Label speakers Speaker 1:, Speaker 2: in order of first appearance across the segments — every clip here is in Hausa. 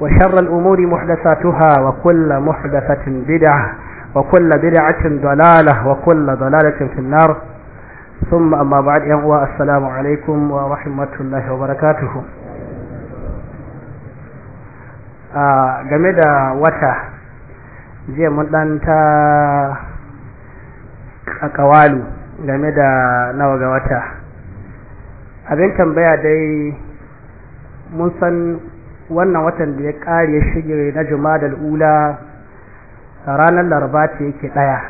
Speaker 1: وشر الأمور محدثاتها وكل محدثة بدعة وكل بدعة ضلالة وكل ضلالة في النار ثم أما بعد يقوى السلام عليكم ورحمة الله وبركاته game da wata مدن تا dan ta نوغة game da nawa دي wata abin wannan watan da ya ƙari ya shige na jumadal ula ranar laraba ce yake ɗaya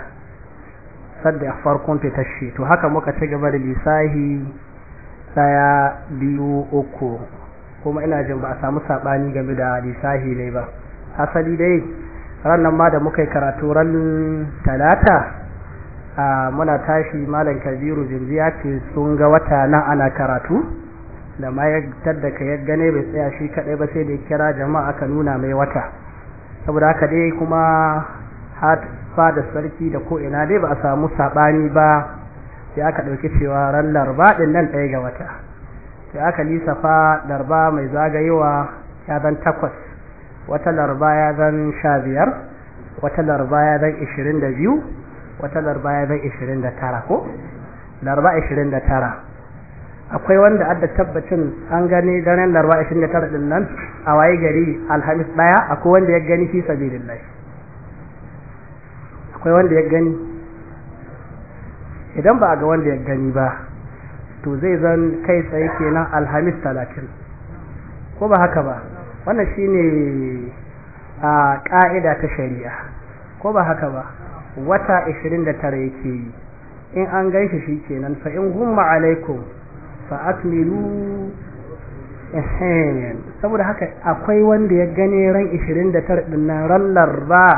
Speaker 1: sadda ya farkon fitar shi to haka muka ci gaba da lisahi ɗaya biyu uku kuma ina jin ba a samu saɓani game da lisahi ne ba asali dai ranar ma da muka yi karatu ran talata muna tashi malam kabiru zinziya ce sun ga wata nan ana karatu da ma ya ka ya gane bai tsaya shi kadai ba sai da kira jama'a ka nuna mai wata saboda haka dai kuma har da sarki da ko ina dai ba a samu sabani ba sai aka dauki cewa ran larba din nan ɗaya ga wata sai aka lisafa larba mai zagayewa ya zan takwas wata larba ya zan sha biyar wata larba ya zan ishirin da biyu wata larba ya zan ishirin da tara ko larba ishirin da tara akwai wanda adda tabbacin an gani daren larwa 29 din nan a waye gari alhamis daya akwai wanda ya gani fi sabilillah akwai wanda ya gani idan ba a ga wanda ya gani ba to zai zan kai tsaye kenan alhamis 30 ko ba haka ba wannan shine a ka'ida ta shari'a ko ba haka ba wata 29 yake yi in an gaishe shi kenan fa in gumma alaikum fa'akmilu ehen saboda haka akwai wanda ya gane ran 29 din nan ran larba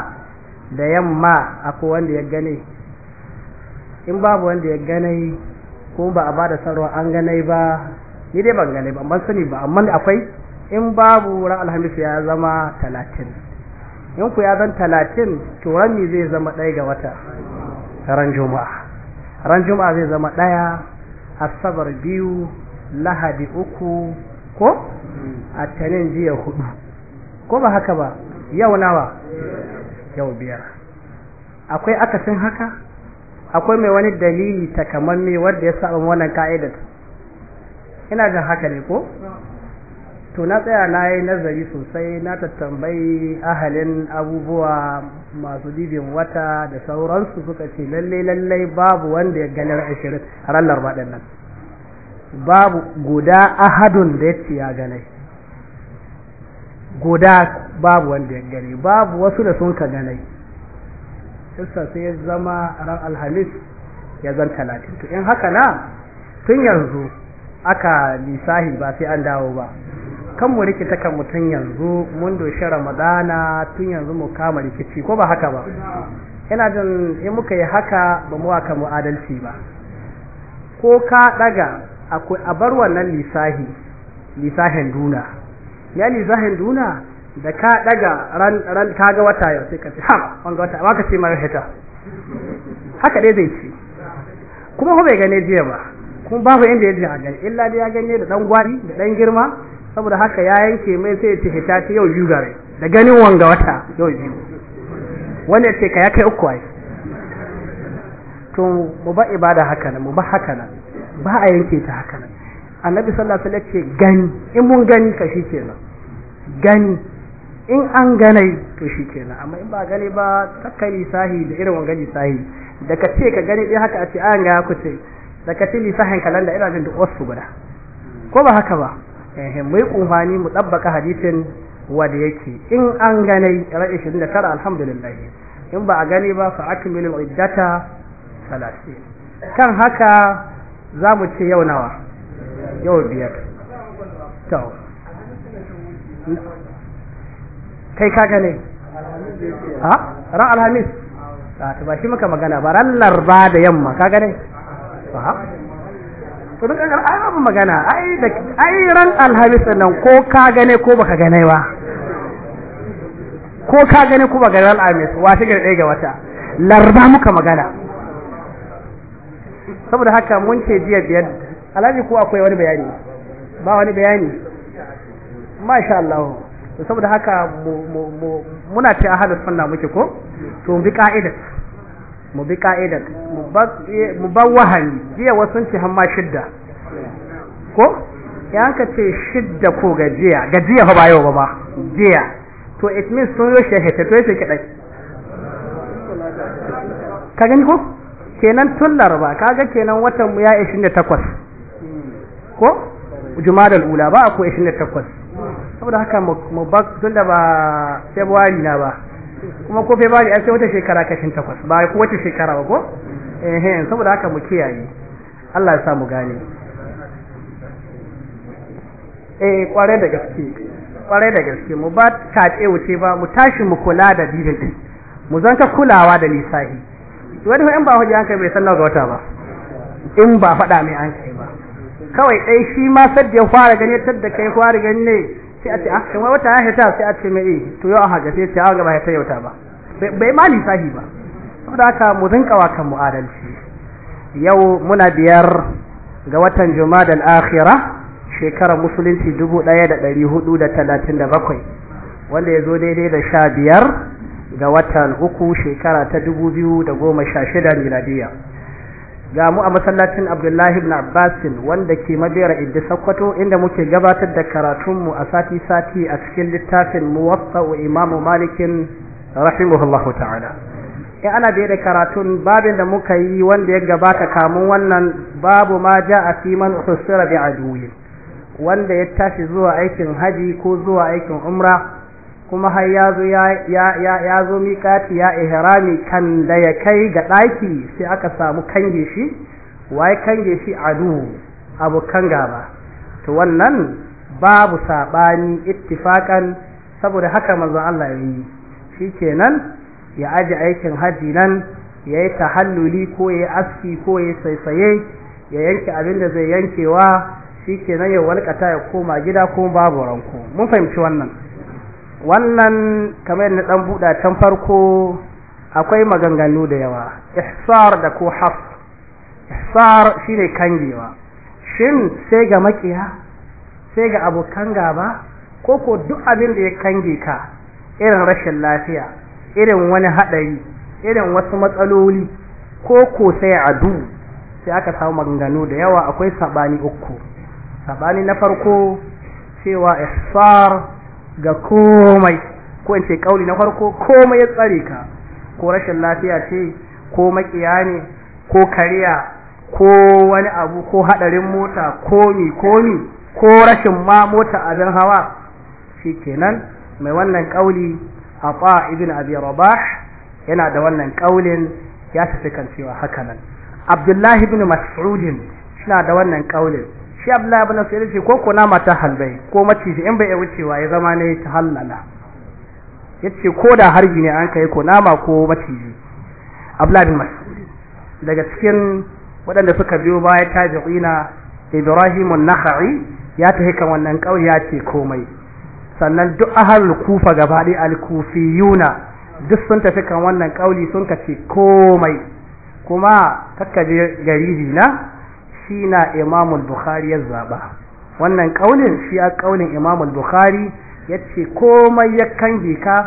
Speaker 1: da yamma akwai wanda ya gane in babu wanda ya gane ko ba a bada sarwa an gane ba ni dai ban gane ba ban sani ba amma akwai in babu ran alhamis ya zama 30 in ku ya zan 30 to ran zai zama ɗaya ga wata ran juma'a ran juma'a zai zama ɗaya asabar biyu lahadi uku ko a tanin jiya hudu ko ba haka ba yau nawa yau biyar akwai akasin haka akwai mai wani dalili takamamme wanda ya saba wannan ka'idar ina jin haka ne ko to na tsaya na yi nazari sosai na tattambayi ahalin abubuwa masu dibin wata da sauransu suka ce lalle lalle babu wanda ya ganar ashirin ran baɗin nan babu guda ahadun da ya ce ya ganai guda babu wanda ya gane babu wasu da sun ka ganai sissa sai ya zama ran alhamis ya zan talatin to in haka na tun yanzu aka lisahi ba sai an dawo ba kan mu rikita kan mutum yanzu mun doshe ramadana tun yanzu mu kama rikici ko ba haka ba ina jin in muka yi haka ba mu waka mu adalci ba ko ka daga akwai a bar wannan lisahi lisahin duna ya lisahin duna da ka daga ran ran ga wata yau sai ka ce ha wanga wata ba ka ce mara hita haka dai zai ci kuma ko bai gane jiya ba kuma babu inda ya je a gani illa dai ya gane da dan gwari da dan girma saboda haka ya yanke mai sai ta hita ta yau biyu gare da ganin wanga wata yau biyu wani ya ce ka ya kai uku ai to mu ba ibada haka nan mu ba haka nan ba a yanke ta haka nan annabi sallallahu alaihi wasallam ce gani in mun gani ka shi kenan gani in an ganai to shi kenan amma in ba gani ba kai sahi da irin wanga sahi da ka ce ka gani haka a ce an ga ku ce da ka ce sahin kalanda ina jin duk wasu guda ko ba haka ba Ehe mai kunfani mu dabbaka hadisin wanda yake in an ganai ra'i 29 alhamdulillah in ba a gani ba fa akmilu iddata 30 kan haka za mu ce yau nawa yau biyar to kai ka gane ha ran alhamis ah, ta ba shi muka magana ba ran larba da yamma ka gane ba to duk an ai babu magana ai da ai ran alhamis nan ko ka gane ko baka gane ba ko ka gane ko baka gane alhamis wace ga ɗaya ga wata larba muka magana saboda haka mun ce jiya biyar alhaji ko akwai wani bayani ba wani bayani masha Allah saboda haka muna ce ahalus sunna muke ko to bi ka'idar mu bi ka'idar mu ba wahani jiya wasu ce hamma shidda ko ya ka ce shidda ko gajiya gajiya fa ba yau ba ba jiya to it means sun yi shehete to yake kadai ka gani ko kenan tun laraba kaga kenan watan mu ya 28 ko jumada ula ba ko 28 saboda haka mu ba tun da ba february na ba kuma ko ba ai sai wata shekara kashin takwas ba ko wata shekara ba ko eh saboda haka mu kiyaye Allah ya sa mu gane eh kware da gaske kware da gaske mu ba ce wuce ba mu tashi mu kula da dinin mu zanta kulawa da lisahi wani fa in ba hujja kai bai san nawa ga wata ba in ba faɗa mai an kai ba kawai dai shi ma sadda ya fara gani tadda kai fara gani ne sai a ce ah kamar wata ya hita sai a ce mai eh to yau a haka sai ta ah, gaba ba ya yauta ba bai ma lissafi ba saboda haka mu rinka wa kan mu'adalci yau muna biyar ga watan Jumadal akhira shekarar musulunci dubu ɗaya da ɗari hudu da talatin da bakwai wanda ya zo daidai da sha biyar ga watan uku shekara ta dubu biyu da goma sha shida miladiya ga mu a masallacin Abdullahi ibn Abbasin wanda ke Mabera Idda Sakkwato, inda muke gabatar da karatunmu a sati-sati a cikin littafin Muwatta wa Imamu Malikin rahimahullahu ta'ala. In ana da karatun babin da muka yi wanda ya gabata kamun wannan babu ma ja a siman hussura bi aduwi wanda ya tashi zuwa aikin haji ko zuwa aikin umra kuma har ya zo ya zo miƙati ya ihrami kan da ya kai ga ɗaki sai aka samu kange shi waye kange shi adu abokan gaba to wannan babu saɓani ittifakan saboda haka manzon Allah ya yi shikenan ya aje aikin haji nan ya yi tahalluli ko ya yi aski ko ya yi saisaye ya yanke abin da zai yankewa shi shikenan ya walƙata ya koma gida ko babu ranko mun fahimci wannan wannan kamar na dan buɗa can farko akwai maganganu da yawa ihsar da ko haf ihsar shine kangewa shin sai ga makiya sai ga abokan gaba ko ko duk abin da ya kange ka irin rashin lafiya irin wani haɗari irin wasu matsaloli ko ko sai adu sai aka samu maganganu da yawa akwai sabani uku sabani na farko cewa ihsar ga komai ko in ce kauli na farko komai ya tsare ka ko rashin lafiya ce ko makiya ne ko kariya ko wani abu ko hadarin mota ko ni ko ni ko rashin ma mota a abin hawa shikenan mai wannan kauli Afa ibn Abi Rabah yana da wannan kaulin ya tafi kan cewa haka nan Abdullahi ibn Mas'ud yana da wannan kaulin shi Abdullahi ibn Sa'id ce ko kuna mata halbai ko maciji in bai wuce wucewa ya zama ne ta halala yace ko da harbi ne an kai ko nama ko maciji Abdullahi ibn Mas'ud daga cikin waɗanda suka biyo baya ta tabi'ina Ibrahim an-Nakhai ya tafi kan wannan kauri ya ce komai sannan duk ahlul Kufa gaba ɗaya al-Kufiyuna duk sun tafi kan wannan kauli sun kace komai kuma kakkaje gariri na shi na imamul bukhari ya zaba wannan kaulin shi a kaulin imamul bukhari yace komai ya kange ka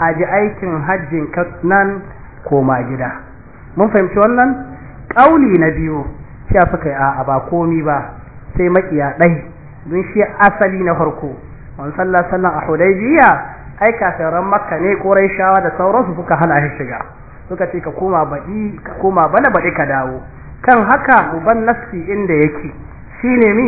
Speaker 1: a ji aikin hajjin ka nan koma gida mun fahimci wannan kauli na biyu shi suka yi a ba komi ba sai makiya ɗai don shi asali na farko wani sallah sallan a hudaybiya ai kafiran makka ne ko shawa da sauransu suka hana shi shiga suka ce ka koma baɗi ka koma bana baɗi ka dawo kan haka uban nafsi inda yake shine mi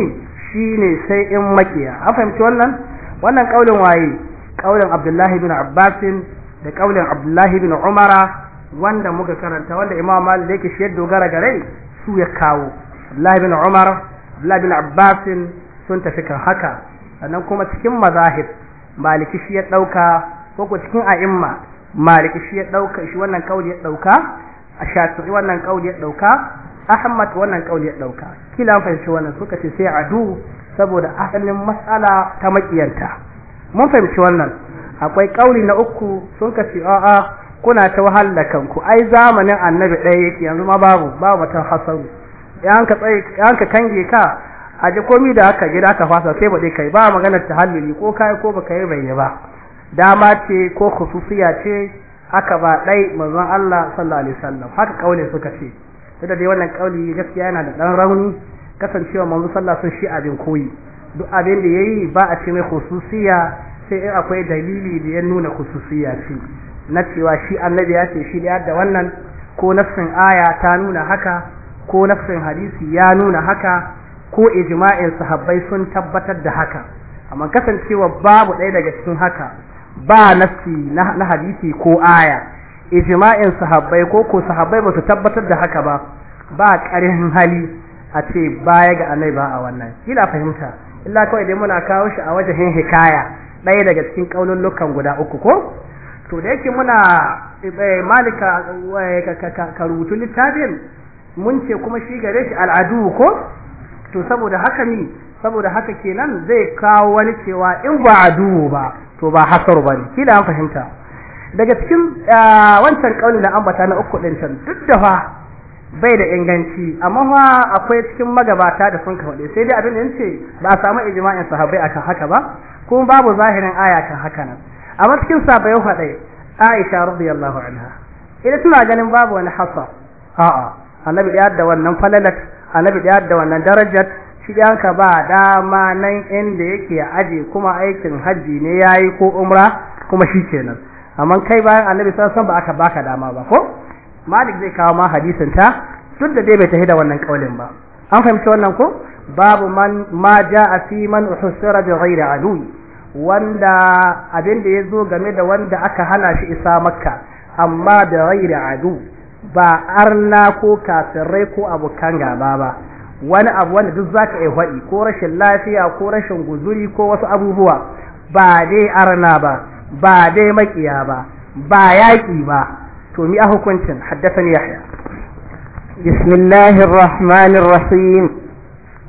Speaker 1: shi ne sai in makiya a fahimci wannan wannan kaulin waye kaulin Abdullahi bin abbasin da kaulin Abdullahi bin Umara wanda muka karanta wanda Imam Malik yake shi dogara gare su ya kawo Abdullahi bin Umar Abdullahi bin abbasin sun tafi kan haka sannan kuma cikin mazahib Maliki shi ya dauka ko ko cikin a'imma Maliki shi ya dauka shi wannan kauli ya dauka a shafi wannan kauli ya dauka Ahmad wannan kauli ya dauka kila fahimci wannan suka ce sai adu saboda asalin mas'ala ta makiyanta mun fahimci wannan akwai kauli na uku sun ka ce a'a kuna ta wahala kanku ai zamanin annabi ɗaya yake yanzu ma babu babu ta hasaru yan ka tsaye yan ka kange ka a ji komi da haka gida ka fasa sai ba dai kai ba maganar tahalluli ko kai ko baka yi bai ba dama ce ko khususiya ce aka ba ɗai manzon Allah sallallahu alaihi wasallam haka kaulin suka ce da dai wannan kauli gaskiya yana da dan rauni kasancewa manzo sallah sun shi abin koyi duk abin da yayi ba a ce mai khususiyya sai in akwai dalili da ya nuna khususiyya ce na cewa shi annabi ya ce shi da yadda wannan ko nafsin aya ta nuna haka ko nafsin hadisi ya nuna haka ko ijma'in sahabbai sun tabbatar da haka amma kasancewa babu ɗaya daga cikin haka ba nafsi na hadisi ko aya ijma'in sahabbai ko ko sahabbai ba su tabbatar da haka ba ba ƙarin hali a ce baya ga annabi ba a wannan kila fahimta illa kawai dai muna kawo shi a wajen hikaya ɗaya daga cikin kaulullukan guda uku ko to da yake muna eh, malika eh, ka rubutu littafin mun ce kuma shi gare shi al'adu ko to saboda haka ni saboda haka kenan zai kawo wani cewa in ba adu ba to ba hasar bane kila an fahimta daga cikin ah, wancan kaulin da ambata na uku din can duk da fa bai da inganci amma fa akwai cikin magabata da sun kawo sai dai abin da yace ba a samu ijma'in sahabbai akan haka ba kuma babu zahirin aya kan haka nan amma cikin sahabbai ya dai Aisha radiyallahu anha ina tuna ganin babu wani hasa a'a annabi da wannan falalat annabi da wannan darajat shi da ka ba dama nan inda yake aje kuma aikin haji ne yayi ko umra kuma shikenan amma kai bayan annabi sallallahu ba aka baka dama ba ko malik zai kawo ma hadisin ta duk da dai bai tafi da wannan kaulin ba an fahimci wannan ko babu man ma jaa fi man uhsira bi ghairi adui wanda abin da yazo game da wanda aka hana shi isa makka amma da ghairi adu ba arna ko kafirai ko abokan gaba ba wani abu wanda duk zaka yi hadi ko rashin lafiya ko rashin guzuri ko wasu abubuwa ba dai arna ba ba dai makiya ba ba yaki ba to mi a hukuncin haddathani yahya
Speaker 2: bismillahir rahmanir rahim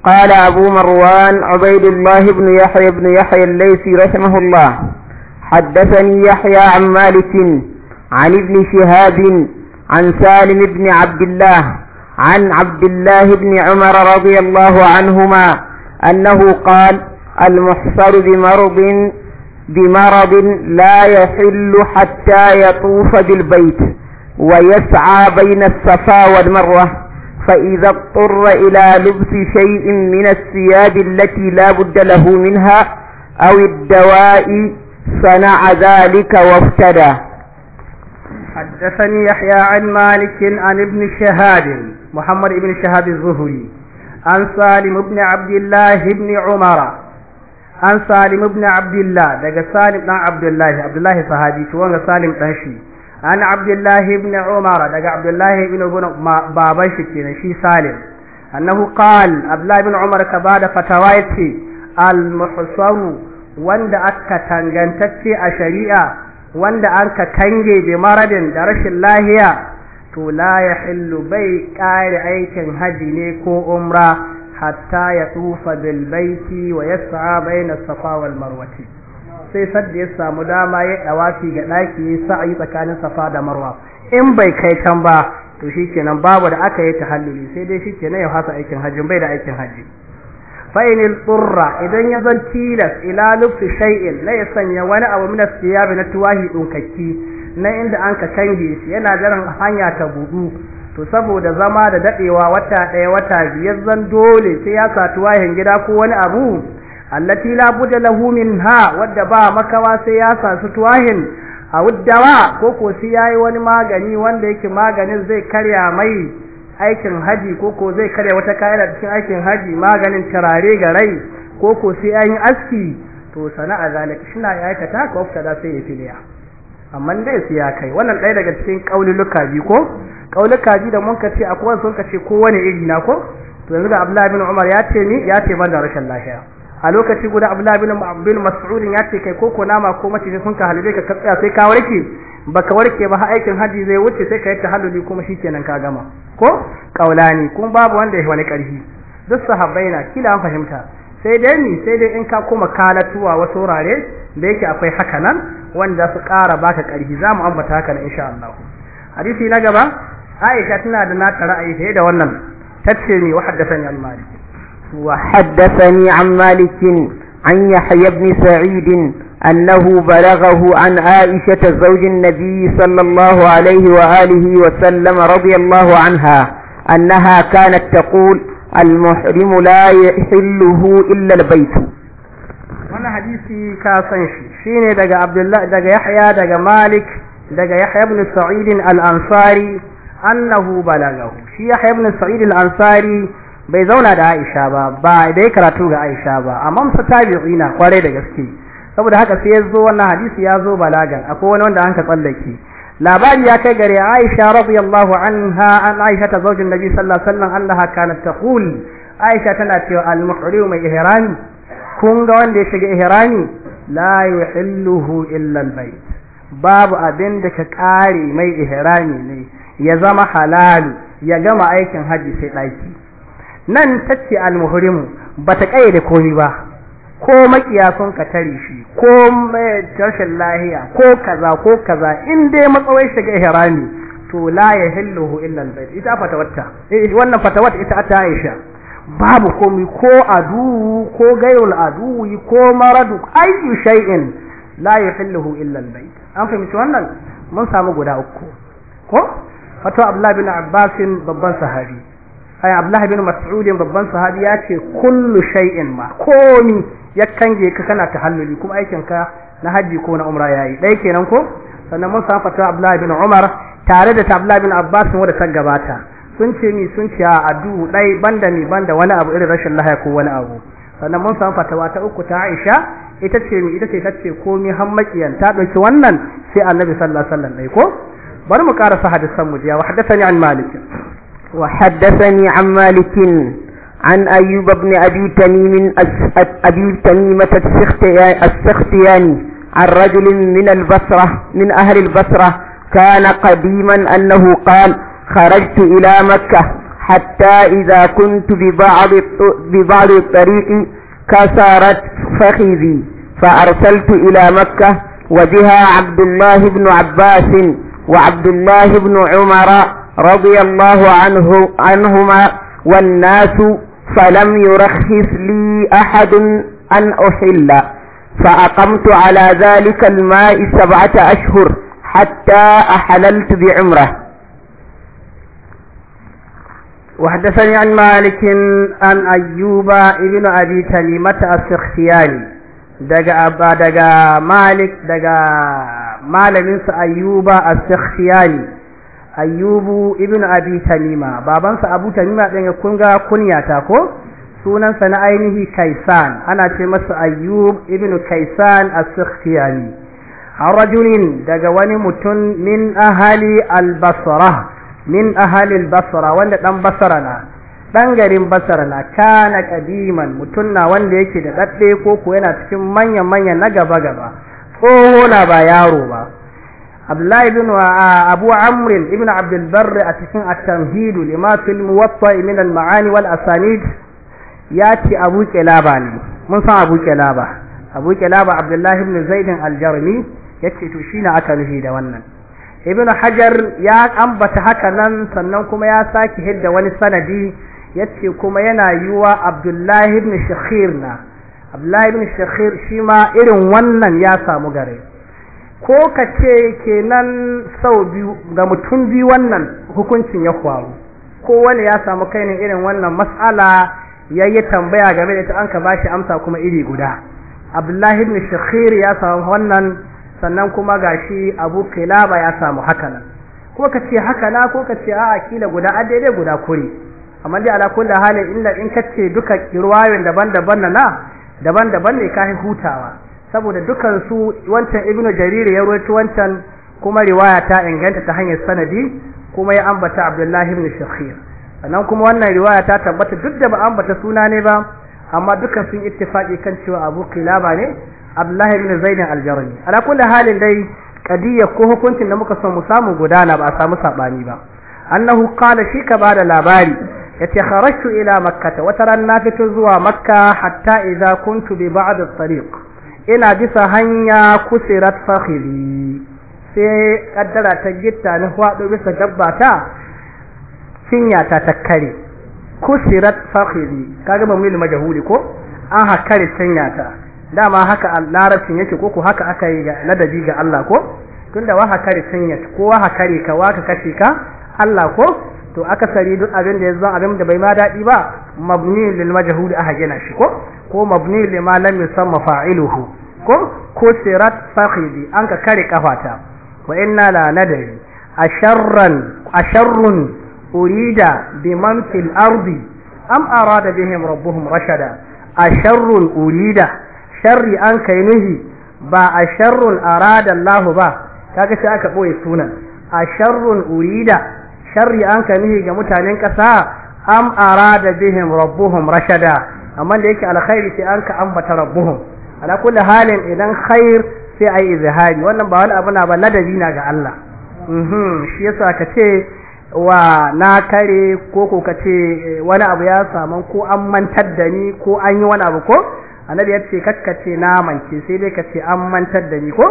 Speaker 2: قال أبو مروان عبيد الله بن يحيى بن يحيى الليثي رحمه الله حدثني يحيى عن مالك عن ابن شهاب عن سالم بن عبد الله عن عبد الله بن عمر رضي الله عنهما أنه قال المحصر بمرض بمرض لا يحل حتى يطوف بالبيت ويسعى بين الصفا والمروة فإذا اضطر إلى لبس شيء من الثياب التي لا بد له منها أو الدواء صنع ذلك وافتدى حدثني يحيى عن مالك عن ابن
Speaker 1: شهاد محمد بن شهاد الزهري عن سالم بن عبد الله بن عمر an salim ibn abdullah daga salim dan abdullah abdullah sahabi shi wanga salim dan shi an abdullah ibn umar daga abdullah ibn baban shi kenan shi salim annahu qal abdullah ibn umar ka bada fatawaiti al muhsanu wanda aka tangantacce a shari'a wanda an ka kange bi maradin da rashin lahiya to la yahillu bai kare aikin haji ne ko umra hatta ya tsufa bilbaiti wa yas'a bayna safa wal marwati sai sadda ya samu dama ya dawafi ga daki ya yi tsakanin safa da marwa in bai kai can ba to shikenan babu da aka yi ta tahalluli sai dai shikenan ya hasa aikin hajji bai da aikin hajji fa in tsurra idan ya zan tilas ila lufi shay'in la ya sanya wani abu min asiyabi na tuwahi ɗinkakki na inda an ka kange shi yana daren hanya ta budu to saboda zama da dadewa wata daya wata biyar zan dole sai ya satu wahin gida ko wani abu allati la budda lahu minha wadda ba makawa sai ya sasu tuwahin a wuddawa ko ko sai yayi wani magani wanda yake maganin zai karya mai aikin haji ko ko zai karya wata kaida cikin aikin haji maganin tarare ga rai ko ko sai yayi aski to sana'a zalika shina ya aikata ko fita sai ya filiya amma dai sai ya kai wannan ɗaya daga cikin kaululuka biyu ko kaula kaji da mun kace akwai sun kace kowane iri na ko to yanzu da Abdullah bin Umar ya ce ni ya ce ban da rashin lafiya a lokaci guda Abdullah bin bin Mas'ud ya ce kai ko ko nama ko mace sun ka halale ka katsaya sai ka warke baka warke ba aikin haji zai wuce sai ka yi tahalluli kuma shikenan ka gama ko kaulani kun babu wanda ya wani karfi duk sahabbai na kila an fahimta sai dai ni sai dai in ka koma kalatuwa wasu wurare da yake akwai haka nan wanda su kara baka karfi za mu ambata haka insha Allah hadisi na gaba aisha tana da nata
Speaker 2: ra'ayi sai da wannan tace ni wa haddathani an malik wa haddathani an malik an yahya ibn sa'id أنه بلغه عن عائشة زوج النبي صلى الله عليه وآله وسلم رضي الله عنها أنها كانت تقول المحرم لا يحله إلا البيت
Speaker 1: وانا حديثي كاسنشي شيني دقى عبد الله دقى يحيى دقى مالك دقى يحيى بن سعيد الأنصاري annahu balagahu shi ya ibn sa'id al-ansari bai zauna da Aisha ba ba dai karatu ga Aisha ba amma su tabi'ina kwarai da gaske saboda haka sai yazo wannan hadisi ya zo balagan akwai wani wanda an ka tsallake labari ya kai gare Aisha radiyallahu anha an Aisha ta zaujin Nabi sallallahu alaihi wasallam annaha kanat taqul Aisha tana cewa al-muhrim mai ihrami kun ga wanda ya shiga ihrami la yuhilluhu illa al-bayt babu abin da ka kare mai ihrami ne ya zama halalu ya gama aikin haji sai ɗaki nan tace ba bata kayyade komai ba ko makiya sun ka tare shi ko eh, rashin lahiya ko kaza ko kaza in dai matsawai shiga ihrami to la yahilluhu illa albayt ita eh wannan fatawatta ita ta Aisha babu komai ko adu ko gairul adu ko maradu ayu shay'in la yahilluhu illa albayt an fahimci wannan mun samu guda uku ko wato abdullahi bin abbas babban sahabi ai abdullahi bin mas'ud babban sahabi ya ce kullu shay'in ma komi ya kange ka kana tahalluli kuma aikin ka na haji ko na umra yayi dai kenan ko sannan mun san fato abdullahi bin umar tare da abdullahi bin abbas wanda ta gabata sun ce ni sun ce a adu dai banda ni banda wani abu irin rashin lahaya ko wani abu sannan mun san fatawa ta uku ta Aisha ita ce ni ita ce tace komi har makiyan ta dauki wannan sai Annabi sallallahu alaihi wasallam dai ko بارم mu karasa السمود يا وحدثني عن مالك
Speaker 2: وحدثني عن مالك عن أيوب بن أبي تميم أبي تميمة السختياني عن رجل من البصرة من أهل البصرة كان قديما أنه قال خرجت إلى مكة حتى إذا كنت ببعض ببعض الطريق كسرت فخذي فأرسلت إلى مكة وبها عبد الله بن عباس وعبد الله بن عمر رضي الله عنه عنهما والناس فلم يرخص لي أحد أن أحل فأقمت على ذلك الماء سبعة أشهر حتى أحللت بعمره
Speaker 1: وحدثني عن مالك عن أيوب ابن أبي تميمة السخياني دقى, دقى مالك دقى malamin ayyuba as ayyubu ibn abi tamima baban sa abu tamima din ya ga kunya ko sunansa na ainihi kaisan ana ce masa ayyub ibn kaisan as-sakhyani rajulin daga wani mutum min ahali al-basra min ahali al-basra wanda dan basra na ɗan garin basara na kana kadiman mutum na wanda yake da ɗaɗɗe ko ko yana cikin manya-manya na gaba-gaba tsoho ba yaro ba abdullahi ibn abu amr ibn abd albar a cikin at-tamhid lima fil muwatta min al-ma'ani wal asanid ya ce abu kilaba ne mun san abu kilaba abu kilaba abdullahi ibn zaid al-jarmi yace to shine aka nufi da wannan ibn hajar ya ambata haka nan sannan kuma ya saki hidda wani sanadi yace kuma yana yiwa abdullahi ibn shakhir na abdullahi bin shakhir shi ma irin wannan ya samu gare ko ka ce nan sau biyu ga mutum biyu wannan hukuncin ya faru ko wani ya samu kai ne irin wannan mas'ala yi tambaya game da ita an ka bashi amsa kuma iri guda abdullahi bin shakhir ya samu wannan sannan kuma gashi abu kilaba ya samu hakanan ko ka ce hakana ko ka ce a'a kila guda a daidai guda kuri amma dai ala kulli halin inda in ka ce duka kirwayoyin daban-daban na na daban-daban ne kai hutawa saboda dukan su wancan ibnu jarir ya rawaito wancan kuma riwaya ta inganta ta hanyar sanadi kuma ya ambata abdullahi ibn shakhir sannan kuma wannan riwaya ta tabbata duk da ba ambata suna ne ba amma dukan sun ittifaqi kan cewa abu kilaba ne abdullahi ibn zaid al jarri ala kulli halin dai kadiyya ko hukuncin da muka so mu samu gudana ba a samu sabani ba annahu qala shi ka bada labari yace kharajtu ila makkah wata ran na fito zuwa makka hatta idza kuntu bi ba'd at-tariq ina bisa hanya kusirat fakhili sai kaddara ta gitta ni hwado bisa gabbata cinya ta takkare kusirat fakhili kaga ba mu majhuli ko an hakare cinya ta dama haka larabcin yake ko ko haka aka yi ga ladabi ga Allah ko tunda wa hakare cinya ko wa hakare ka wa ka kashe ka Allah ko to aka sari duk abin da yanzu abin da bai ma daɗi ba mabni lil majhul aka gina shi ko ko mabni lima lam yusamma fa'iluhu ko ko sirat fakhidi an ka kare kafata wa inna la nadri asharran asharrun urida biman fil ardi am arada bihim rabbuhum rashada asharrun urida sharri an kai nuhi ba asharrun arada Allah ba kaga sai aka boye sunan asharrun urida sharri an ka nihi ga mutanen ƙasa am arada bihim rabbuhum rashada amma da yake alkhairi sai an ka ambata rabbuhum ala kulli halin idan khair sai ayi izhari wannan ba wani abu na ba ladabi na ga Allah mhm shi yasa ka ce wa na kare ko ko ka ce eh, wani abu ya samu ko an mantar da ni ko an yi wani abu ko annabi ya ce kakkace na mance sai dai ka ce an mantar da ni ko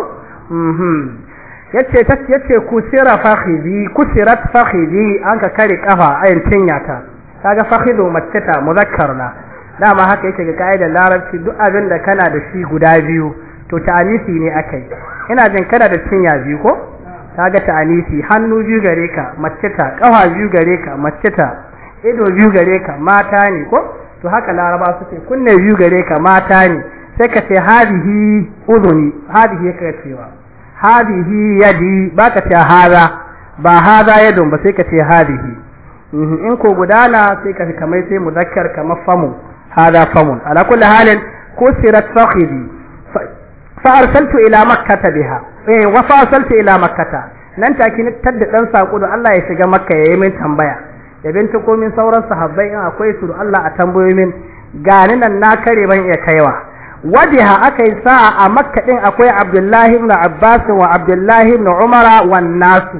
Speaker 1: mhm yace ta yace sira fakhidi kusirat fakhidi an ka kare kafa ayin cinya ta kaga fakhidu mace ta muzakkarna dama haka yake ga kaidar larabci duk abin da kana da shi guda biyu to ta'anisi ne akai ina jin kana da cinya biyu ko kaga ta'anisi hannu biyu gare ka mace ta kafa biyu gare ka mace ido biyu gare ka mata ne ko to haka laraba suke kunne biyu gare ka mata ne sai ka ce hadihi uzuni hadihi yake cewa hadihi yadi baka ce haza ba haza yadun ba sai ka ce hadihi mhm, in ko gudana sai ka kamar sai muzakkar kamar famu haza famun ala kulli halin kusirat sahibi fa arsaltu ila makkata biha eh wa fa arsaltu ila makkata nan take ni tadda dan sako da Allah ya shiga makka yi min tambaya ya ta komin sauran sahabbai in akwai su Allah a tambayoyi min ga nan na kare ban iya kaiwa wajiha aka yi sa'a a makka ɗin akwai abdullahi ibn abbas wa abdullahi ibn umar wa nasu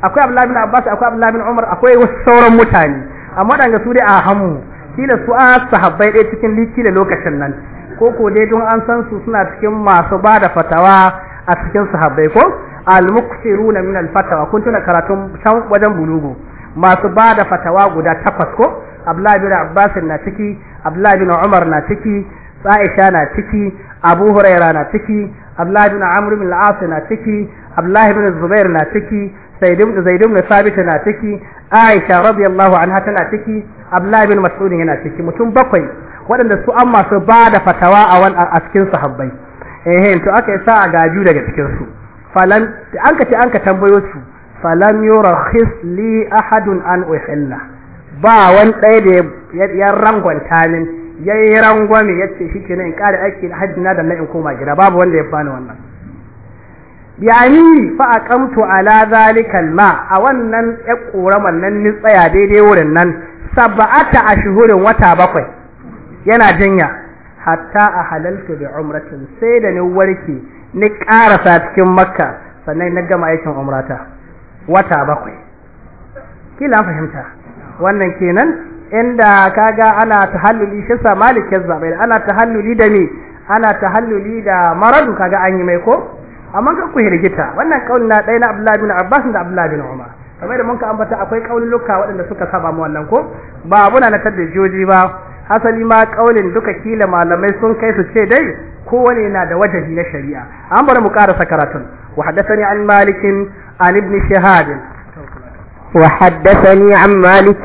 Speaker 1: akwai abdullahi ibn abbas akwai abdullahi ibn umar akwai wasu sauran mutane amma daga su dai a hamu kila su a sahabbai ɗaya cikin likila lokacin nan ko ko dai don an san su suna cikin masu ba da fatawa a cikin sahabbai ko al-muksiruna min al-fatawa kun tuna karatun can wajen bulugu masu ba da fatawa guda takwas ko Abdullahi bin Abbas na ciki Abdullahi bin Umar na ciki Aisha na ciki Abu Huraira na ciki Abdullahi bin Amr ibn na ciki Abdullahi bin Zubair na ciki Zaidu ibn Sabita na ciki Aisha radiyallahu anha na ciki Abdullahi bin Mas'udin yana ciki mutum bakwai waɗanda su an masu ba da fatawa a wani a cikin sahabbai eh to aka yi sa'a a gaju daga cikin su an ka ce an ka tambayo su falam yurakhis li ahadun an uhilla ba wani ɗaya da ya rangwanta min yi ya yayi rangwame yace shikenan in ƙara aiki da hajji na da in koma gida babu wanda ya bani wannan bi amiri fa aqamtu ala zalika ma a wannan ya koraman nan ni tsaya daidai wurin nan sab'ata ashhurin wata bakwai yana janya hatta a halaltu bi umratin sai da ni warke ni karasa cikin makka sannan na gama aikin umrata wata bakwai kila fahimta wannan kenan inda kaga ana tahalluli shi sa malik ya zabe ana tahalluli da me ana tahalluli da maradu kaga an yi mai ko amma ka ku hirgita wannan kaulin na ɗaya na Abdullahi bin Abbas da Abdullahi bin Umar kamar da mun ka ambata akwai luka waɗanda suka saba mu wannan ko ba abuna na joji ba hasali ma kaulin duka kila malamai sun kai su ce dai kowane na da wajibi na shari'a an bar mu karasa karatun wa hadathani
Speaker 2: an malikin an ibn shihab وحدثني عن مالك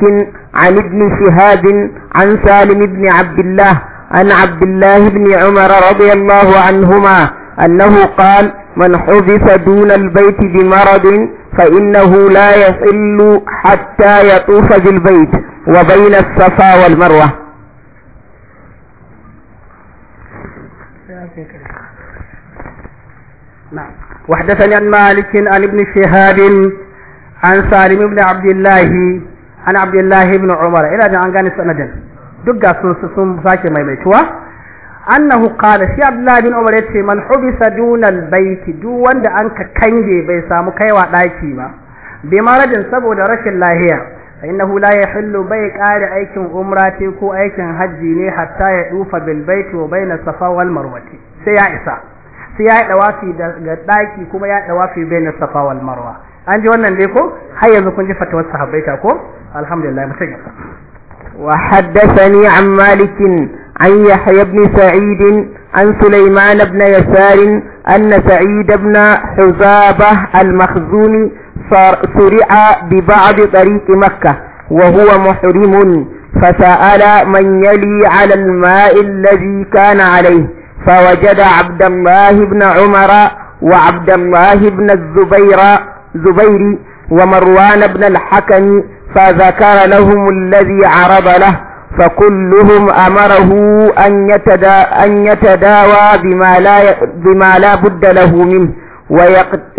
Speaker 2: عن ابن شهاب عن سالم بن عبد الله عن عبد الله بن عمر رضي الله عنهما أنه قال من حبس دون البيت بمرض فإنه لا يصل حتى يطوف بالبيت وبين الصفا والمروة نعم وحدثني عن
Speaker 1: مالك عن ابن شهاب عن سالم بن عبد الله Ana abdullahi ibn umar ina jin an gane sanadin duk ga sun sun sake maimaituwa annahu qala shi abdullahi ibn umar yace man hubisa duna albayt duk wanda an ka kange bai samu kaiwa daki ba bi maradin saboda rashin lahiya fa innahu la yahillu bai kare aikin umrati ko aikin hajji ne hatta ya dufa bil bayt wa baina safa wal marwati sai ya isa sai ya dawafi daga daki kuma ya dawafi baina safa wal marwa an ji wannan dai ko har yanzu kun ji fatawar sahabbai ta ko alhamdulillah
Speaker 2: mutum ya wa haddathani an malik an yahya ibn sa'id an sulaiman ibn yasar an sa'id ibn huzabah al-makhzumi سرع ببعض طريق مكة وهو محرم فسأل من يلي على الماء الذي كان عليه فوجد عبد الله بن عمر وعبد الله بن الزبير زبير ومروان بن الحكم فذكر لهم الذي عرض له فكلهم أمره أن, يتدا أن يتداوى بما لا, بما لا بد له منه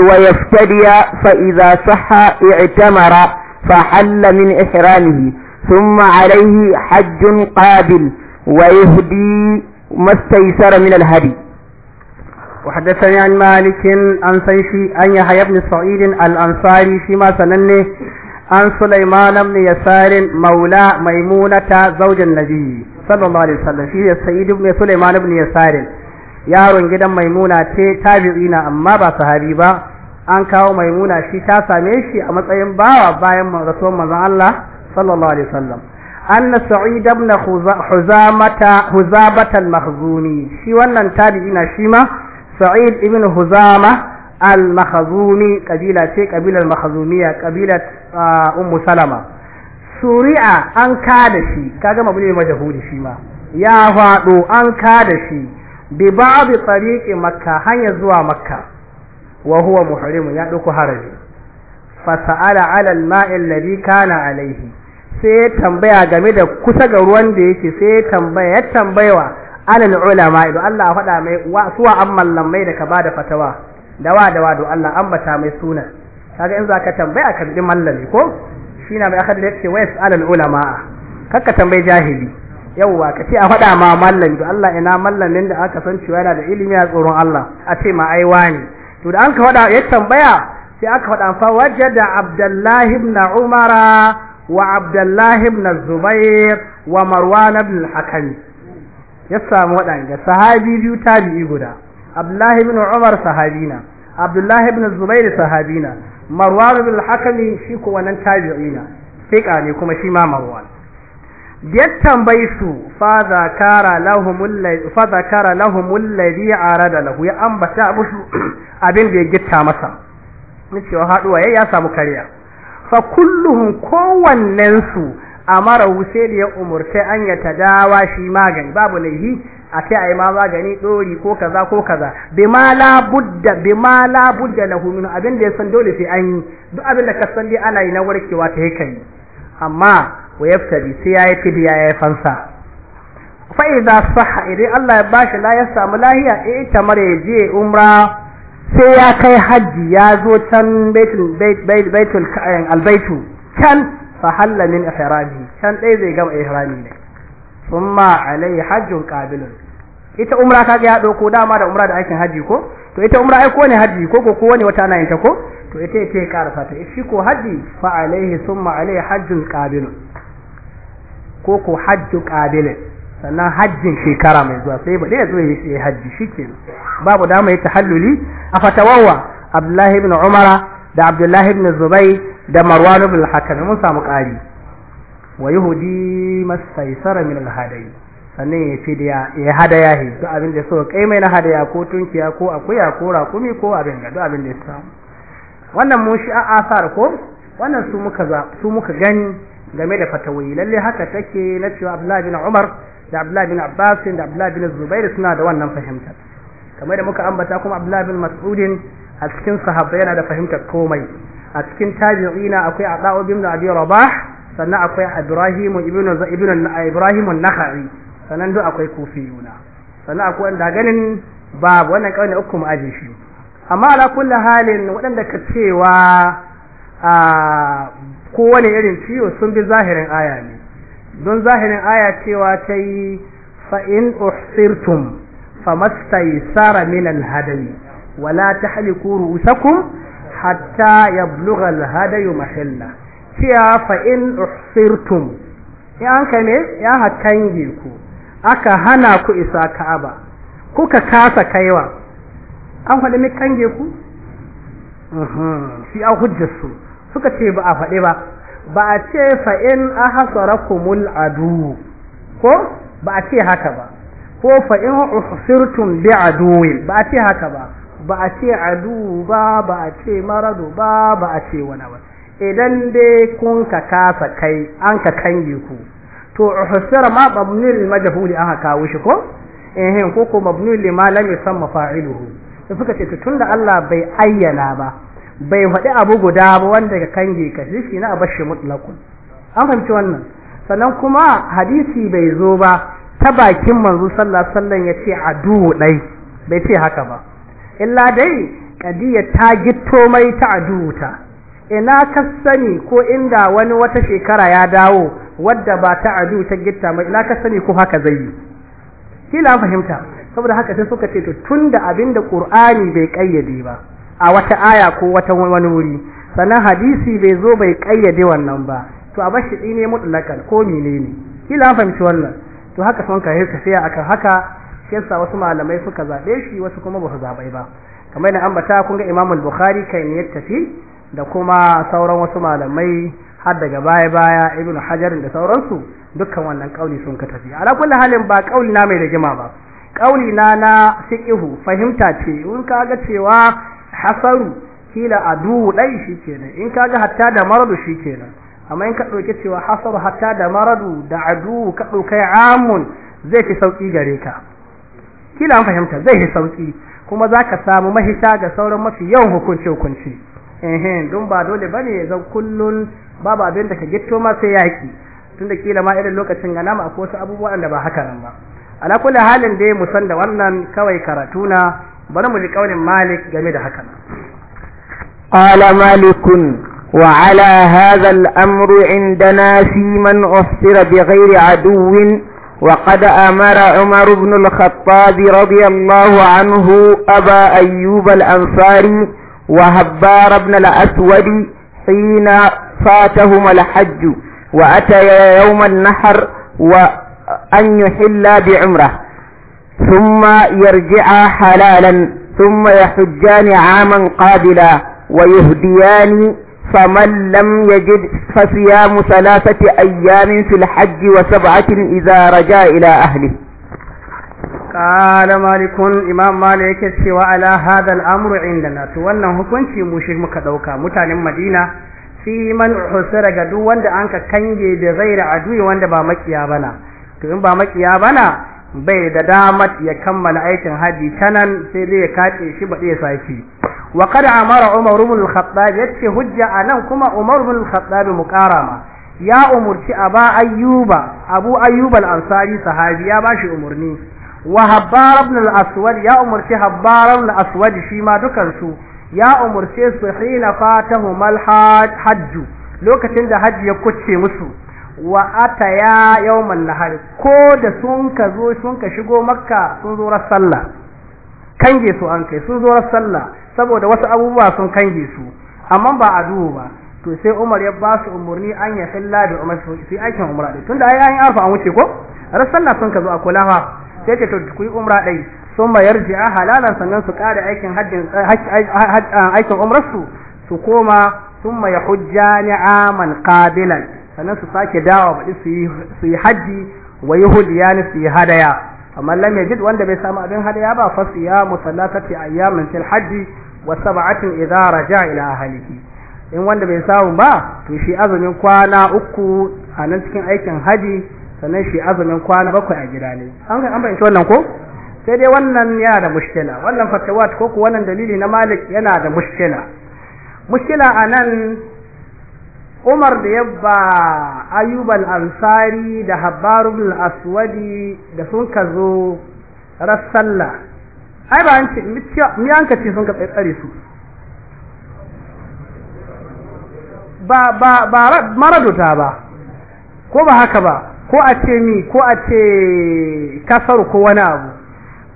Speaker 2: ويفتدي فإذا صح اعتمر فحل من إحرامه ثم عليه حج قابل ويهدي ما
Speaker 1: استيسر من الهدي وحدثني عن مالك عن سيفي عن يحيى بن سعيد الأنصاري فيما سننه عن سليمان بن يسار مولى ميمونة زوج النبي صلى الله عليه وسلم في سيد بن سليمان بن يسار yaron gidan maimuna ce tabi'ina amma ba sahabi ba an kawo maimuna shi ta same shi a matsayin bawa bayan rasuwan manzon Allah sallallahu alaihi wasallam anna sa'id ibn huzamata huzabata al-mahzuni shi wannan tabi'ina shi ma sa'id ibn huzama al-makhazumi kabila ce kabilar makhazumiyya kabilar ah, ummu salama suri'a an kada shi kaga mabu ne majahuli shi ma ya faɗo an kada shi bi babu makka hanya zuwa makka wa huwa muhrimu ya ɗauko harami fasa'ala ala al-ma'i alladhi kana alaihi sai ya tambaya game da kusa ga ruwan da yake sai ya tambaya ya tambayawa alal ulama idan Allah faɗa mai wa suwa an mallamai da ka bada fatawa dawa dawa do Allah ambata mai suna kaga in zaka tambaya ka bi mallami ko shi na mai akhadi da yake wayas alal ulama kaka tambayi jahili yawwa ka ce a faɗa ma mallami do Allah ina mallamin da aka san cewa yana da ilimi a tsoron Allah a ce ma ai wani to da an ka faɗa ya tambaya sai aka faɗa fa wajada Abdullah ibn Umara wa Abdullah ibn Zubair wa Marwan ibn al ya samu waɗanda sahabi biyu tabi'i guda abdullahi ibn umar sahabina abdullahi ibn zubair sahabina marwan ibn hakami shi ko wannan tabi'ina fiqa ne kuma shi ma marwan ya tambayi su fa zakara lahum alladhi fa zakara lahum alladhi arada lahu ya ambata abu abin da ya gitta masa ni cewa haduwa yayi ya samu kariya fa kulluhum kowannen amara da ya umurce an ya tadawa shi magani babu laihi a ce a yi ma magani ɗori ko kaza ko kaza bima ma labudda bi ma labudda lahu min abin da ya san dole sai an yi duk abin da ka san dai ana yi na warkewa ta yi amma wa yaftabi sai ya yi fidiya ya yi fansa fa idza sahha idan Allah ya bashi la ya samu lahiya eh tamar ya je umra sai ya kai hajji ya zo can baitul baitul eh, albaitu can fa halla min ihrami can dai zai gama ihrami ne thumma alai hajjun qabilun ita umra kaga ya ko dama da umra da aikin haji ko to ita umra ai ko ne haji ko ko ko ne wata ana yin ta ko to ita ita ya karfa ta shi ko haji fa alaihi thumma alai hajjun qabilun ko ko hajju qabilun sannan hajjin shekara mai zuwa sai ba dai zo yi haji shikenan babu dama yi tahalluli a fatawawa Abdullahi ibn Umara da Abdullahi ibn Zubair da marwan ibn al-hakam mun samu ƙari wa yahudi masaisara min al-hadayi sannan ya fi da ya hadaya he duk abin da so kai mai na hadaya ko tunkiya ko akuya ko raƙumi ko abin da duk abin da ya samu wannan mun shi asar ko wannan su muka su muka gani game da fatawai lalle haka take na cewa Abdullahi bin Umar da Abdullahi bin Abbas da Abdullahi bin Zubair suna da wannan fahimta kamar da muka ambata kuma Abdullahi bin Mas'ud a cikin sahabbai yana da fahimtar komai a cikin tabi'ina akwai Ata'u ibn Abi Rabah sannan akwai Ibrahim ibn ibn Ibrahim an-Nakhai sannan duk akwai kufiyuna sannan akwai wanda ganin babu wannan kawai ne mu aje shi amma ala kulli halin waɗanda ka cewa a kowane irin ciwo sun bi zahirin aya ne don zahirin aya cewa ta yi fa'in uhsirtum famastaysara min minan hadari wala tahliku ru'usakum hatta ya al-hadayu mahalla cewa fa in uhsirtum in an ka ne ya hakange ku aka hana ku isa ka'aba kuka kasa kaiwa an faɗi mi kange ku shi an hujjarsu suka ce ba a faɗi ba ba a ce fa'in a hasara kumul adu ko ba a ce haka ba ko fa'in a usirtun bi aduwin ba a ce haka ba ba a ce adu ba ba a ce maradu ba ba a ce wani ba idan dai kun ka kasa kai an ka kange ku to uhsara ma babnul majhuli an kawo shi ko eh ko ko mabnul lima lam yusamma fa'iluhu sai suka ce tunda Allah bai ayyana ba bai faɗi abu guda ba wanda ka kange ka shi na abashi mutlaqun an fahimci wannan sannan kuma hadisi bai zo ba ta bakin manzo sallallahu alaihi wasallam yace adu dai bai ce haka ba illa dai kadiya ta gitto mai ta aduta ina ka sani ko inda wani wata shekara ya dawo wadda ba ta aduta ta gitta mai ina ka sani ko haka zai yi kila fahimta saboda haka sai suka ce to tunda abinda qur'ani bai kayyade ba a wata aya ko wata wani wuri sannan hadisi bai zo bai kayyade wannan ba to a bashi dine mutlakan ko menene kila fahimci wannan to haka son ka yi tafiya akan haka shi wasu malamai suka zaɓe shi wasu kuma ba su zaɓai ba kamar da ambata kun ga imamul bukhari kai ne ya tafi da kuma sauran wasu malamai har daga baya baya ibnu hajar da sauransu dukkan wannan kauli sun ka tafi ala kulli halin ba kauli na mai rigima ba kauli na na fiqhu fahimta ce in ka ga cewa hasaru kila adu dai kenan in ka ga hatta da maradu shikenan amma in ka dauke cewa hasaru hatta da maradu da adu ka dauke amun zai fi sauki gare ka kila an fahimta zai yi sauki kuma za ka samu mahita ga sauran mafi yawan hukunci hukunci eh don ba dole bane ya zan kullun babu abin da ka gitto ma sai yaki tunda kila ma irin lokacin ga nama akwai wasu abubuwan da ba haka nan ba ala kulli halin dai mu san da wannan kawai karatu na bari mu ji kaulin Malik game da haka nan
Speaker 2: qala malikun وعلى هذا الأمر عندنا في من أصر بغير aduwin وقد أمر عمر بن الخطاب رضي الله عنه أبا أيوب الأنصاري وهبار بن الأسود حين فاتهما الحج وأتيا يوم النحر وأن يحلا بعمره ثم يرجعا حلالا ثم يحجان عاما قابلا ويهديان فمن لم يجد فصيام ثلاثة أيام في الحج وسبعة إذا رجع إلى أهله قال
Speaker 1: مالك إمام مالك سوى على هذا الأمر عندنا تولنا هكونك مشير مكدوكا متان مدينة في من حسر قدو واند أنك كنجي بغير عدوي واند با مكيا بنا تقول با مكيا بنا بيد دامت يكمل ya kammala aikin haji tanan sai dai ya kace wa kada amara umar ibn al-khattab yace hujja anan kuma umar ibn al-khattab muqarama ya umurci aba ayyuba abu ayyuba al-ansari sahabi ya bashi umarni wa habbar ibn al ya umarci habbar ibn al shi ma dukan ya umurce su hina fatahum al-hajj lokacin da hajji ya kuce musu wa ataya yawmal nahar ko da sun ka sun ka shigo makka sun zo sallah kange su an kai sun zo sallah saboda wasu abubuwa sun kange su amma ba a duhu ba to sai Umar ya ba su umurni an ya hilla da Umar sai aikin umra dai tunda ai an arfa an wuce ko rasalla sun ka zo a kulafa sai ce to kuyi umra dai sun ma yarji'a halalan sannan su kare aikin hajjin aikin umrar su su koma sun ma yahujjani aman qabilan sannan su sake dawa baɗi su yi su yi haji wa su yi hadaya amma lam yajid wanda bai samu abin hadaya ba fa siyamu salatati ayyamin fil hajji wa sab'atin idza raja ila ahlihi in wanda bai samu ba to shi azumin kwana uku a nan cikin aikin haji sannan shi azumin kwana bakwai a gida ne an ga an bayyana wannan ko sai dai wannan yana da mushkila wannan fatawa ko ko wannan dalili na Malik yana da mushkila mushkila anan Umar da yabba Ayyub al-Ansari da Habbar ibn al-Aswadi da sun kazo sallah. ai ba an ce mi an ka ce sun ka tsare su ba ba ba maradota ba ko ba haka ba ko a ce ni ko a ce kasar ko wani abu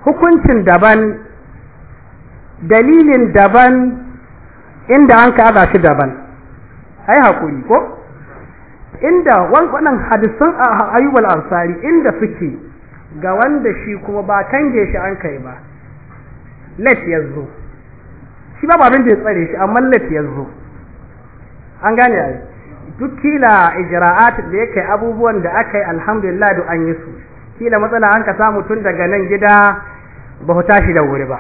Speaker 1: hukuncin daban dalilin daban inda an ka aza shi daban ai hakuri ko inda wannan a ayyubal ansari inda suke ga wanda shi kuma ba kange shi an kai ba let ya zo shi ba abin da ya tsare shi amma let ya zo an gane yi duk kila ijra'at da yake abubuwan da aka yi alhamdulillah da an yi su kila matsala an ka samu tun daga nan gida ba ku tashi da wuri ba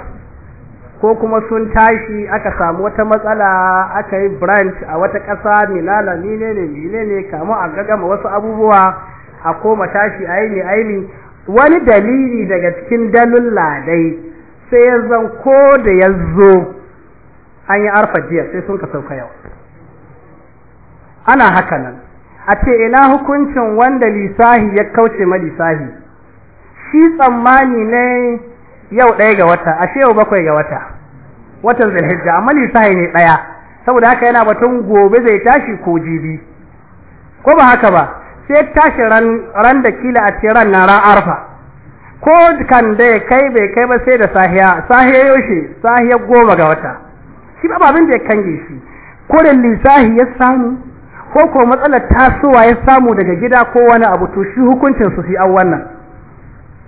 Speaker 1: ko kuma sun tashi aka samu wata matsala aka yi branch a wata ƙasa milala mine ne mine ne kamu a gagama wasu abubuwa a koma tashi aini aini wani dalili daga cikin dalun ladai sai ya zan ko da ya zo an yi arfa jiya sai sun ka sauka yau ana haka nan a ce ina hukuncin wanda lisahi ya kauce ma lisahi shi tsammani ne yau ɗaya ga wata a yau bakwai ga wata watan zulhijja amma lisahi ne ɗaya saboda haka yana batun gobe zai tashi ko jibi ko ba haka ba sai tashi ran da kila a ce ran na ran arfa ko kan da ya kai bai kai ba sai da sahiya sahiya shi, sahiya goma ga wata shi ba abin da ya kange shi ko da lissahi ya samu ko ko matsalar tasowa ya samu daga gida ko wani abu to shi hukuncin su fi an wannan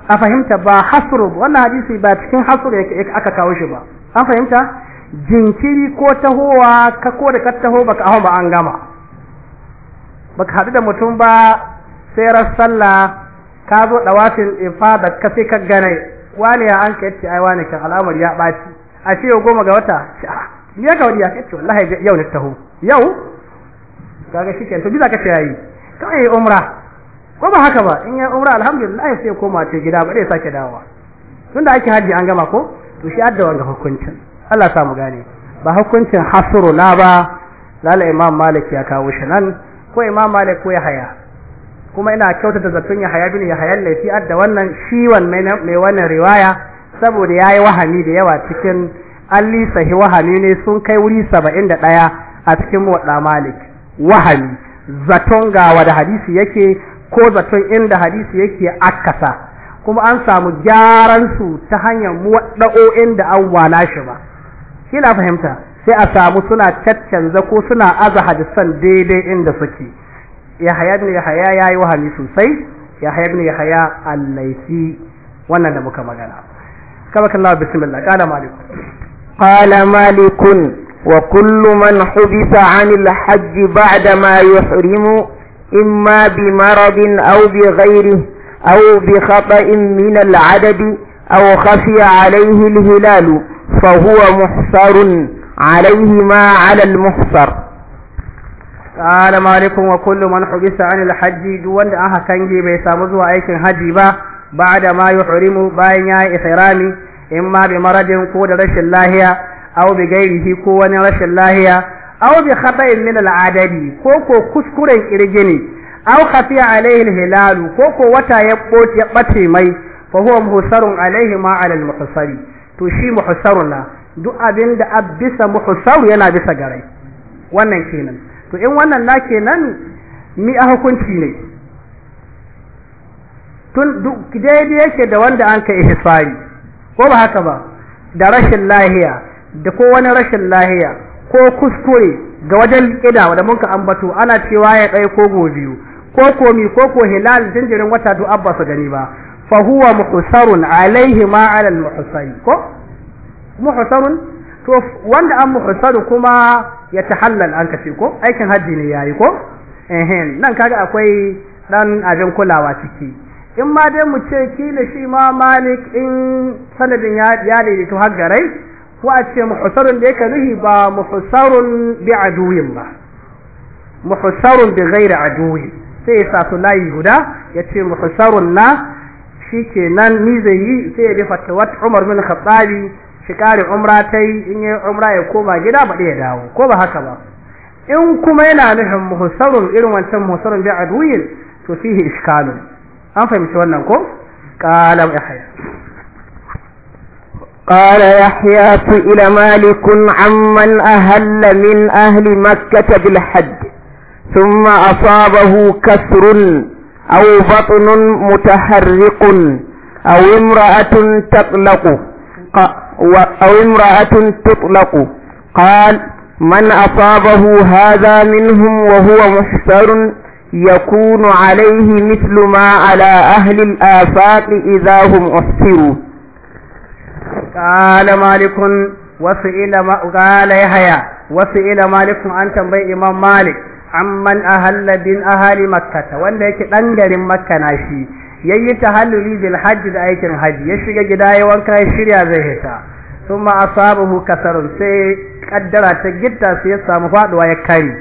Speaker 1: a fahimta ba hasuru wannan hadisi ba cikin hasuru yake aka kawo shi ba an fahimta jinkiri ko tahowa ka ko da ka taho baka hau ba an gama baka haɗu da mutum ba sai ran sallah ka zo dawafin ifada ka sai ka gane wani ya an kai ai wani kan al'amar ya baci a ce goma ga wata ni ah, ya kawai ya kace wallahi yau ne taho yau kaga shikenan to biza ka ce yayi kawai umra ko ba haka ba in ya umra alhamdulillah sai koma ce gida ba dai sake dawowa tunda ake haji an gama ko to shi addawa ga hukuncin Allah samu gane ba hukuncin hasru na ba lalla imam malik ya kawo shi nan ko imam malik ko ya haya kuma ina kyautata zaton ya haya bin ya haya laifi adda wannan shi mai wannan riwaya saboda yayi wahami da yawa cikin alli sahi wahami ne sun kai wuri saba'in da ɗaya a cikin wadda malik wahami zaton ga wadda hadisi yake ko zaton inda hadisi yake akasa kuma an samu gyaran su ta hanyar muwadda'o'in da an wala shi ba Kina fahimta sai a samu suna caccanza ko suna aza hadisan daidai inda suke yahaya ibn yahaya yayi wahami sosai yahaya ibn yahaya al-laisi wannan da muka magana
Speaker 2: kabaka Allah bismillah qala malik qala malik wa kullu man hubisa 'anil hajj ba'da ma yuhrimu imma bi maradin aw bi ghayrihi aw bi khata'in min al-'adadi aw khafiya 'alayhi al-hilal fa huwa muhsarun 'alayhi ma 'ala al-muhsar
Speaker 1: قال مالك وكل من حبس عن الحج an aka kange bai samu zuwa aikin haji ba ba'da ma yuhrimu bayan yayi ihrami imma bi maradin ko da rashin lahiya aw bi gairihi ko wani rashin lahiya aw bi khata'in min al'adadi ko ko kuskuren kirgini aw khafiya alaihi al-hilal ko ko wata ya bote bace mai fa huwa muhsarun alaihi ma 'ala al-muhsari to shi muhsaruna duk abinda abisa muhsar yana bisa garai wannan kenan to in wannan na kenan mi a hukunci ne tun duk daidai yake da wanda an ka ihsari ko ba haka ba da rashin lahiya da ko wani rashin lahiya ko kuskure ga wajen ƙida da mun ka ambato ana cewa ya kai ko go ko komi ko ko hilal jinjirin wata to abba su gani ba fa huwa muhsarun alaihi ma ala ko muhsarun to wanda an muhsanu kuma ya tahallal an kace ko aikin hajji ne yayi ko eh nan kaga akwai dan abin kulawa ciki in ma dai mu ce kila shi ma malik in sanadin ya ya to har ko a ce muhsarun da yake nuhi ba muhsarun bi aduwin ba muhsarun bi ghairi aduwi sai ya sa su layi guda ya ce muhsarun na shikenan ni zai yi sai ya bi fatawat Umar bin Khattabi shi kare umra ta yi in yi umra ya koma gida ba ya dawo ko ba haka ba in kuma yana nufin muhsarun irin wancan muhsarun bi adwiyin to fihi iskalu an fahimci wannan ko qala yahya
Speaker 2: قال يحيى سئل مالك عمن أهل من أهل مكة بالحج ثم أصابه كسر أو بطن متحرق أو امرأة تطلق أو امرأة تطلق قال من أصابه هذا منهم وهو محسر يكون عليه مثل ما على أهل الآفاق إذا هم أحسروا قال مالك
Speaker 1: وسئل ما
Speaker 2: قال يحيى وسئل
Speaker 1: مالك عن تنبي إمام مالك amman ahalla bin ahali makkata wanda yake dan garin makka na shi yayi tahalluli bil hajj da aikin hajji ya shiga gida ya wanka ya shirya zai hita kuma asabuhu kasarun sai kaddara ta gitta sai ya samu faduwa ya kari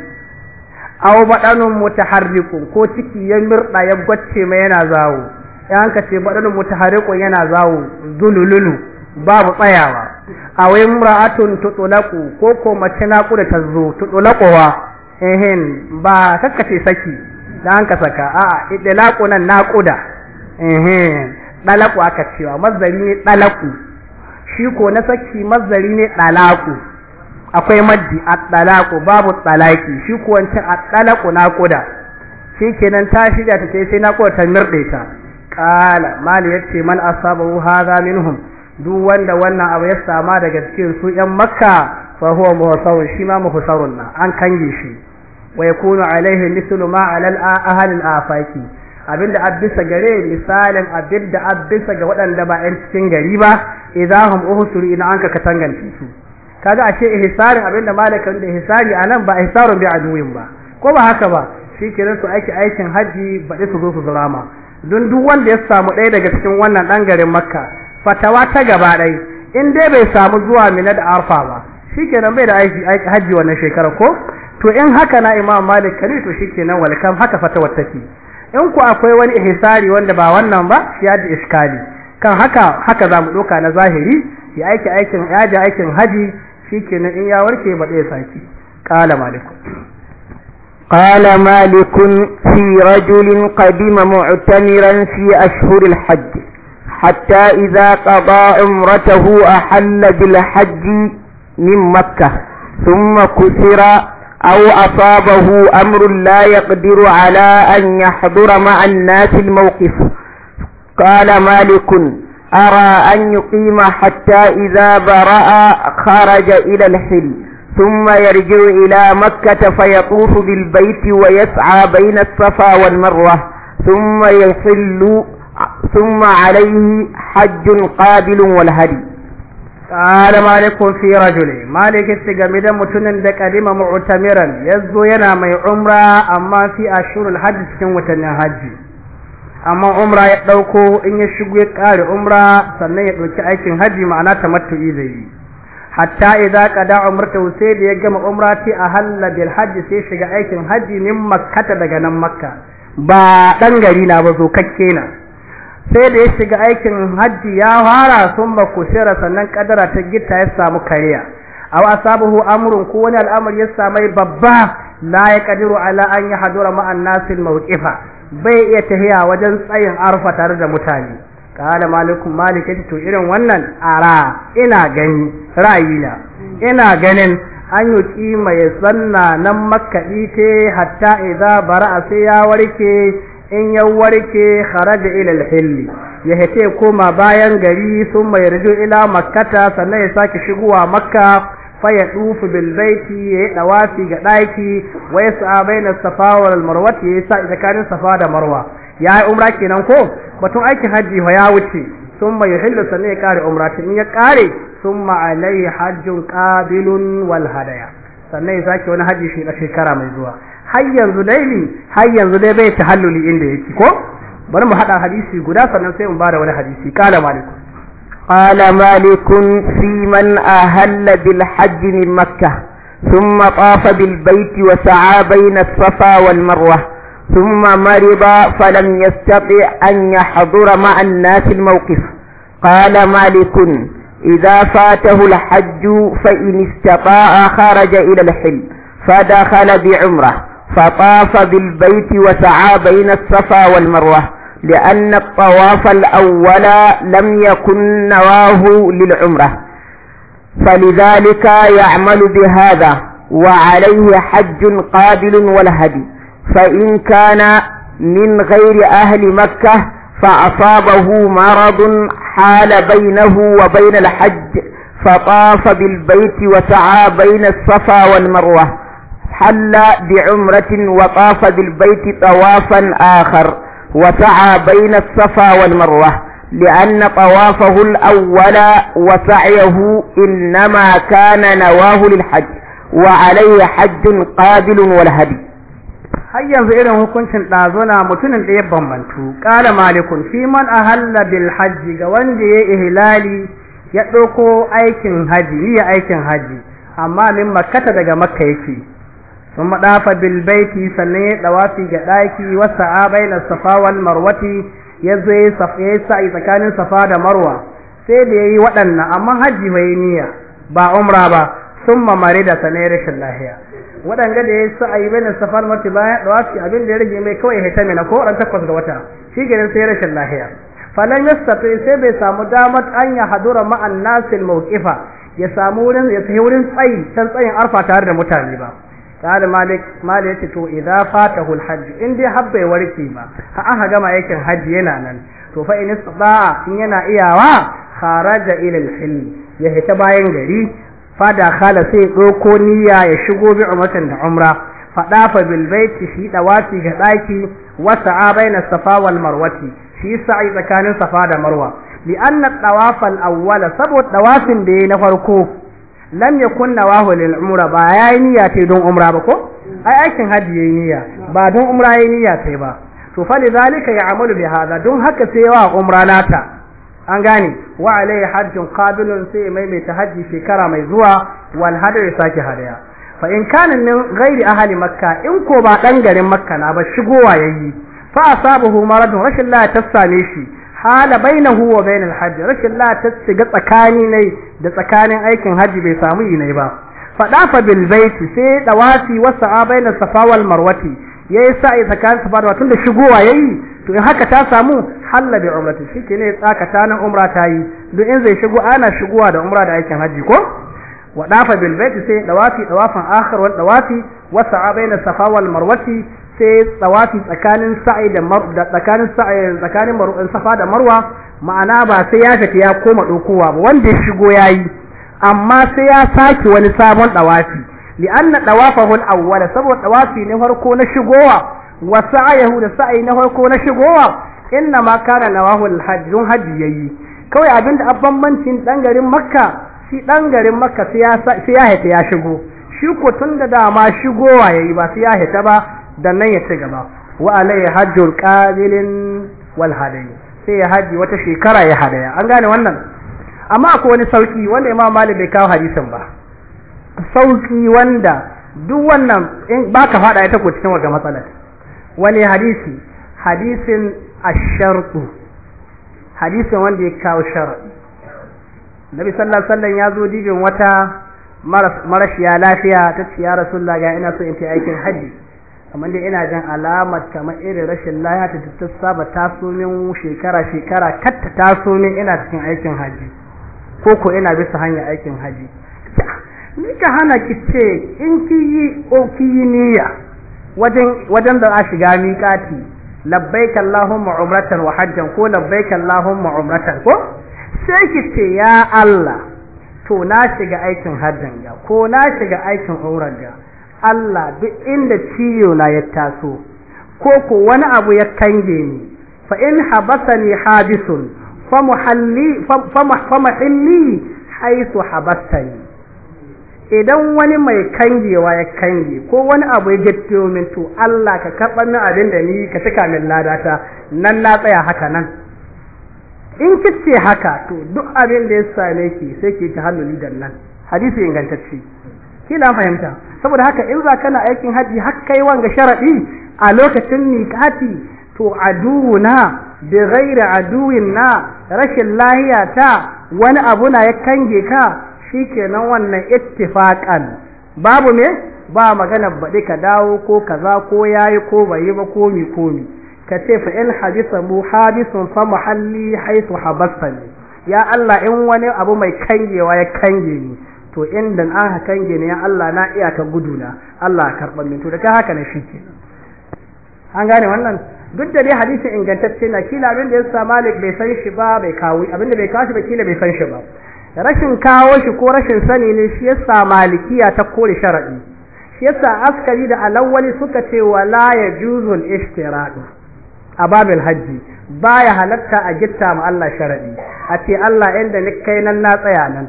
Speaker 1: aw badanun mutaharrikun ko ciki ya mirda ya gwacce mai yana zawo yan ka ce badanun mutaharrikun yana zawo zululu babu tsayawa aw imra'atun tutulaku ko ko mace naƙuda ta zo tutulakowa ehin ba kakkace saki dan saka a'a idlaqunan naquda naƙuda ɗalaku aka cewa mazari ne ɗalaku shi ko na saki mazari ne ɗalaku akwai maddi a ɗalaku babu ɗalaki shi ko wancan a ɗalaƙu na koda shi kenan ta shirya ta ce sai na koda ta mirɗe ta ƙala mali yace man ha za minhum duk wanda wannan abu ya sama daga cikin su yan makka fa huwa shima shi ma na an kange shi wa yakunu alaihi mithlu ma ala al ahli al afaki abinda abisa gare misalin abinda abisa ga waɗanda ba ƴan cikin gari ba idahum uhsuru ina an ka tangance su kaga ashe ihsarin abinda abin da ihsari anan ba ihsarun bi aduwin ba ko ba haka ba shi kenan su aiki aikin haji ba baɗi su zo su zurama don duk wanda ya samu ɗaya daga cikin wannan ɗan garin makka fatawa ta gaba ɗai in dai bai samu zuwa mina da arfa ba shi bai da aiki haji wannan shekarar ko to in haka na imam malik kani to shi kenan walkam haka fatawar take in ku akwai wani ihsari wanda ba wannan ba shi ya da iskali kan haka haka za mu doka na zahiri ya aiki aikin ya ji aikin haji shikenan in ya warke ba zai saki
Speaker 2: qala maliku qala malikun fi rajulin qadima mu'tamiran fi ashhuril hajj حتى إذا قضى عمرته أحل بالحج من مكة ثم كسر أو أصابه أمر لا يقدر على أن يحضر مع الناس الموقف قال مالك أرى أن يقيم حتى إذا برأ خرج إلى الحل ثم يرجع إلى مكة فيطوف بالبيت ويسعى بين الصفا والمروة ثم يحل ثم عليه حج قابل
Speaker 1: والهدي قال مالك في رجل مالك da متنن ده قديم معتمرا yana mai مي عمره اما في اشهر hajji cikin watannin hajji, amma umra ya dauko in ya shigo ya kare umra sannan ya dauki aikin hajji ma'ana tamattu'i zai yi hatta idza qada umrata sai da ya gama umra ti ahalla bil hajji sai shiga aikin hajji min makkata daga nan makka ba dan gari na ba zo kakke na sai da ya shiga aikin hajji ya fara sun ba sannan kadara ta gita ya samu kariya aw asabahu amrun ko wani al'amari ya samu babba la ya kadiru ala an yahdura ma an-nas al bai iya tahiya wajen tsayin arfa tare da mutane qala malikum malik to irin wannan ara ina gani ra'ayina ina ganin an yuki mai sanna nan makkaɗi hatta idza bara sai ya warke in ya warke kharaja ila al-hilli ya hete koma bayan gari sun mai ila makkata sannan ya sake shigowa makka fa ya dufu bil baiti ya dawafi ga daki wa yas'a baina safa wal marwa ya sa tsakanin safa da marwa ya yi umra kenan ko batun aikin haji fa ya wuce sun mai hillu sannan ya kare umra in ya kare sun ma alai hajjun qabilun wal hadaya sannan ya sake wani haji shi da shekara mai zuwa har yanzu laili har yanzu dai bai tahalluli inda yake ko bari mu hada hadisi guda sannan sai mu bada wani hadisi qala malik qala
Speaker 2: malik fi man ahalla bil hajj min makkah ثم طاف بالبيت وسعى بين الصفا والمروة ثم مرض فلم يستطع أن يحضر مع الناس الموقف قال مالك إذا فاته الحج فإن استطاع خرج إلى الحل فدخل بعمره فطاف بالبيت وسعى بين الصفا والمروة لأن الطواف الأول لم يكن نواه للعمرة فلذلك يعمل بهذا وعليه حج قابل والهدي فإن كان من غير أهل مكة فأصابه مرض حال بينه وبين الحج فطاف بالبيت وسعى بين الصفا والمروة حل بعمرة وطاف بالبيت طوافا آخر وسعى بين الصفا والمروة لأن طوافه الأول وسعيه إنما كان نواه للحج وعليه حج قابل والهدي har yanzu irin hukuncin ɗazuna mutumin da ya
Speaker 1: bambantu ƙala malikun fi man a bil hajji ga wanda ya ihlali ya ɗauko aikin haji ya aikin haji amma min makkata daga makka yake ثم طاف بالبيت سنه طوافي جداكي وسعى بين الصفا والمروه yazo safa sa'i tsakanin safa da marwa sai da yayi waɗannan amma haji bai niyya ba umra ba summa marida sanai rashin lahiya waɗanga da yayi sa'i bayan safar marti baya dawafi abin da ya rage mai kawai hitami na ko ran takwas ga wata shi gidan sai rashin lahiya falan yastati sai bai samu damar an ya hadura ma'an nasil ya samu wurin wurin tsayi can tsayin arfa tare da mutane ba قال مالك مالك yace to idza fatahu alhajj in dai habbai warke ba ha aka gama yakin hajji yana nan to fa in istata in yana iyawa kharaja ila alhil ya hita bayan gari fada khala sai doko niyya ya shigo bi umratan da umra faɗa bil baiti shi dawati ga daki wasa'a baina safa wal marwati shi sa'i tsakanin safa da marwa li anna tawaf al awwal sabu tawafin da na farko lam yakun nawahu lil umra ba yayi niyya ta don umra ba ko ai aikin haji yayi niyya ba don umra yayi niyya tai ba to fa ya ya'malu bi hadha don haka sai yawa umra nata an gane wa alai hajjun qabilun sai mai mai tahajji shekara mai zuwa wal hadu ya hadaya fa in kana min ghairi ahli makka in ko ba dan garin makka na ba shigowa yayi fa asabahu maradun rashin la ta same shi hala bainahu wa bainal hajj rashin la ta shiga tsakani nai da tsakanin aikin haji bai samu yi ba fadafa bil baiti sai dawasi wa sa'abai na safa wal marwati yayi sa'i tsakanin safa da tunda shigowa yayi to in haka ta samu halla bi umrati shikene tsakata nan umra ta yi duk in zai shigo ana shigowa da umra da aikin haji ko wadafa bil baiti sai dawasi dawafan akhir wal dawasi wa sa'abai na safa wal marwati sai tsawafi tsakanin sa'i da mar da tsakanin sa'i tsakanin safa da marwa ma'ana ba sai ya tafi ya koma ɗaukowa ba wanda ya shigo ya yi amma sai ya sake wani sabon ɗawafi li'anna ɗawafa al-awwala saboda ɗawafi na farko na shigowa wa sa'ayahu da sa'ayi na farko na shigowa inna ma kana nawahu al hajji yayi kawai abinda abban mancin dan garin makka shi dan garin makka sai ya sai ya shigo shi ko tun da dama shigowa yayi ba sai ya hita ba dan nan ya ci gaba wa alayhi hajjul qabilin wal sai ya haji wata shekara ya hadaya an gane wannan amma akwai wani sauki wanda imam malik bai kawo hadisin ba sauki wanda duk wannan in baka fada ita ko cikin waga matsalar wani hadisi hadisin asharqu hadisin wanda ya kawo sharadi nabi sallallahu alaihi wasallam ya zo dibin wata marashiya lafiya ta ce ya rasulullah ga ina so in ta aikin haji kamar da ina jan alamar kamar irin rashin laya ta ta saba taso shekara shekara katta taso min ina cikin aikin haji ko ko ina bisa hanyar aikin haji ni ka hana ki ce in ki yi o ki yi niyya wajen wajen da a shiga miƙati labbaika allahumma umratan wa hajjan ko labbaika allahumma umratan ko sai ki ce ya Allah to na shiga aikin hajjan ga ko na shiga aikin umrar ga Allah duk inda ciyo na ya taso ko ko wani abu ya kange ni fa in habasani habisun fa muhalli fa muhalli haisu habasani idan wani mai kangewa ya kange ko wani abu ya jattiyo min to Allah ka karɓa min abin da ni ka cika min ladata nan na tsaya haka nan in kice haka to duk abin da ya same ki sai ki ta halluli da nan hadisi ingantacce kila fahimta saboda haka in za kana aikin haji har kai wanga sharadi a lokacin nikati to na, bi ghairi aduwin na rashin lahiya ta wani abu na ya kange ka shikenan wannan ittifaqan babu me ba magana baɗi ka dawo ko kaza ko yayi ko bai ba komi mi ka ce fa in hadisa mu hadisun fa mahalli haythu habasani ya Allah in wani abu mai kangewa ya kange ni to inda an hakan gine ya Allah na iya gudu na, Allah karban min to da ka haka na shike an gane wannan duk da dai hadisin ingantacce na kila abin da ya sa Malik bai san shi ba bai kawo abin da bai kawo shi ba kila bai san shi ba rashin kawo shi ko rashin sani ne shi yasa malikiya ta kore sharadi shi yasa askari da alawali suka ce wala yajuzu al-ishtiradu a babil hajji baya halatta a gitta ma Allah sharadi a ce Allah inda ni kai nan na tsaya nan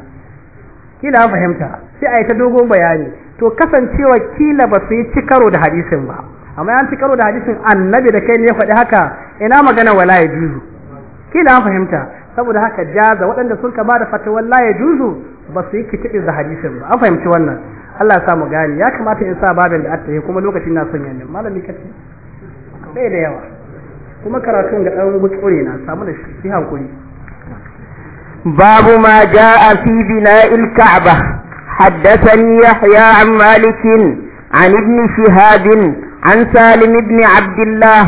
Speaker 1: kila fahimta sai a yi ta dogon bayani to kasancewa kila ba su yi ci da hadisin ba amma an ci karo da hadisin annabi da kai ne ya faɗi haka ina magana wala ya juzu kila fahimta saboda haka jaza waɗanda sun ka bada fatawar la ya juzu ba su yi kitabi da hadisin ba an fahimci wannan Allah ya samu gani ya kamata in sa babin da attaye kuma lokacin na son yanin malami kace bai da yawa kuma karatun ga ɗan gutsure na samu da shi hankuri
Speaker 2: باب ما جاء في بناء الكعبة حدثني يحيى عن مالك عن ابن شهاب عن سالم بن عبد الله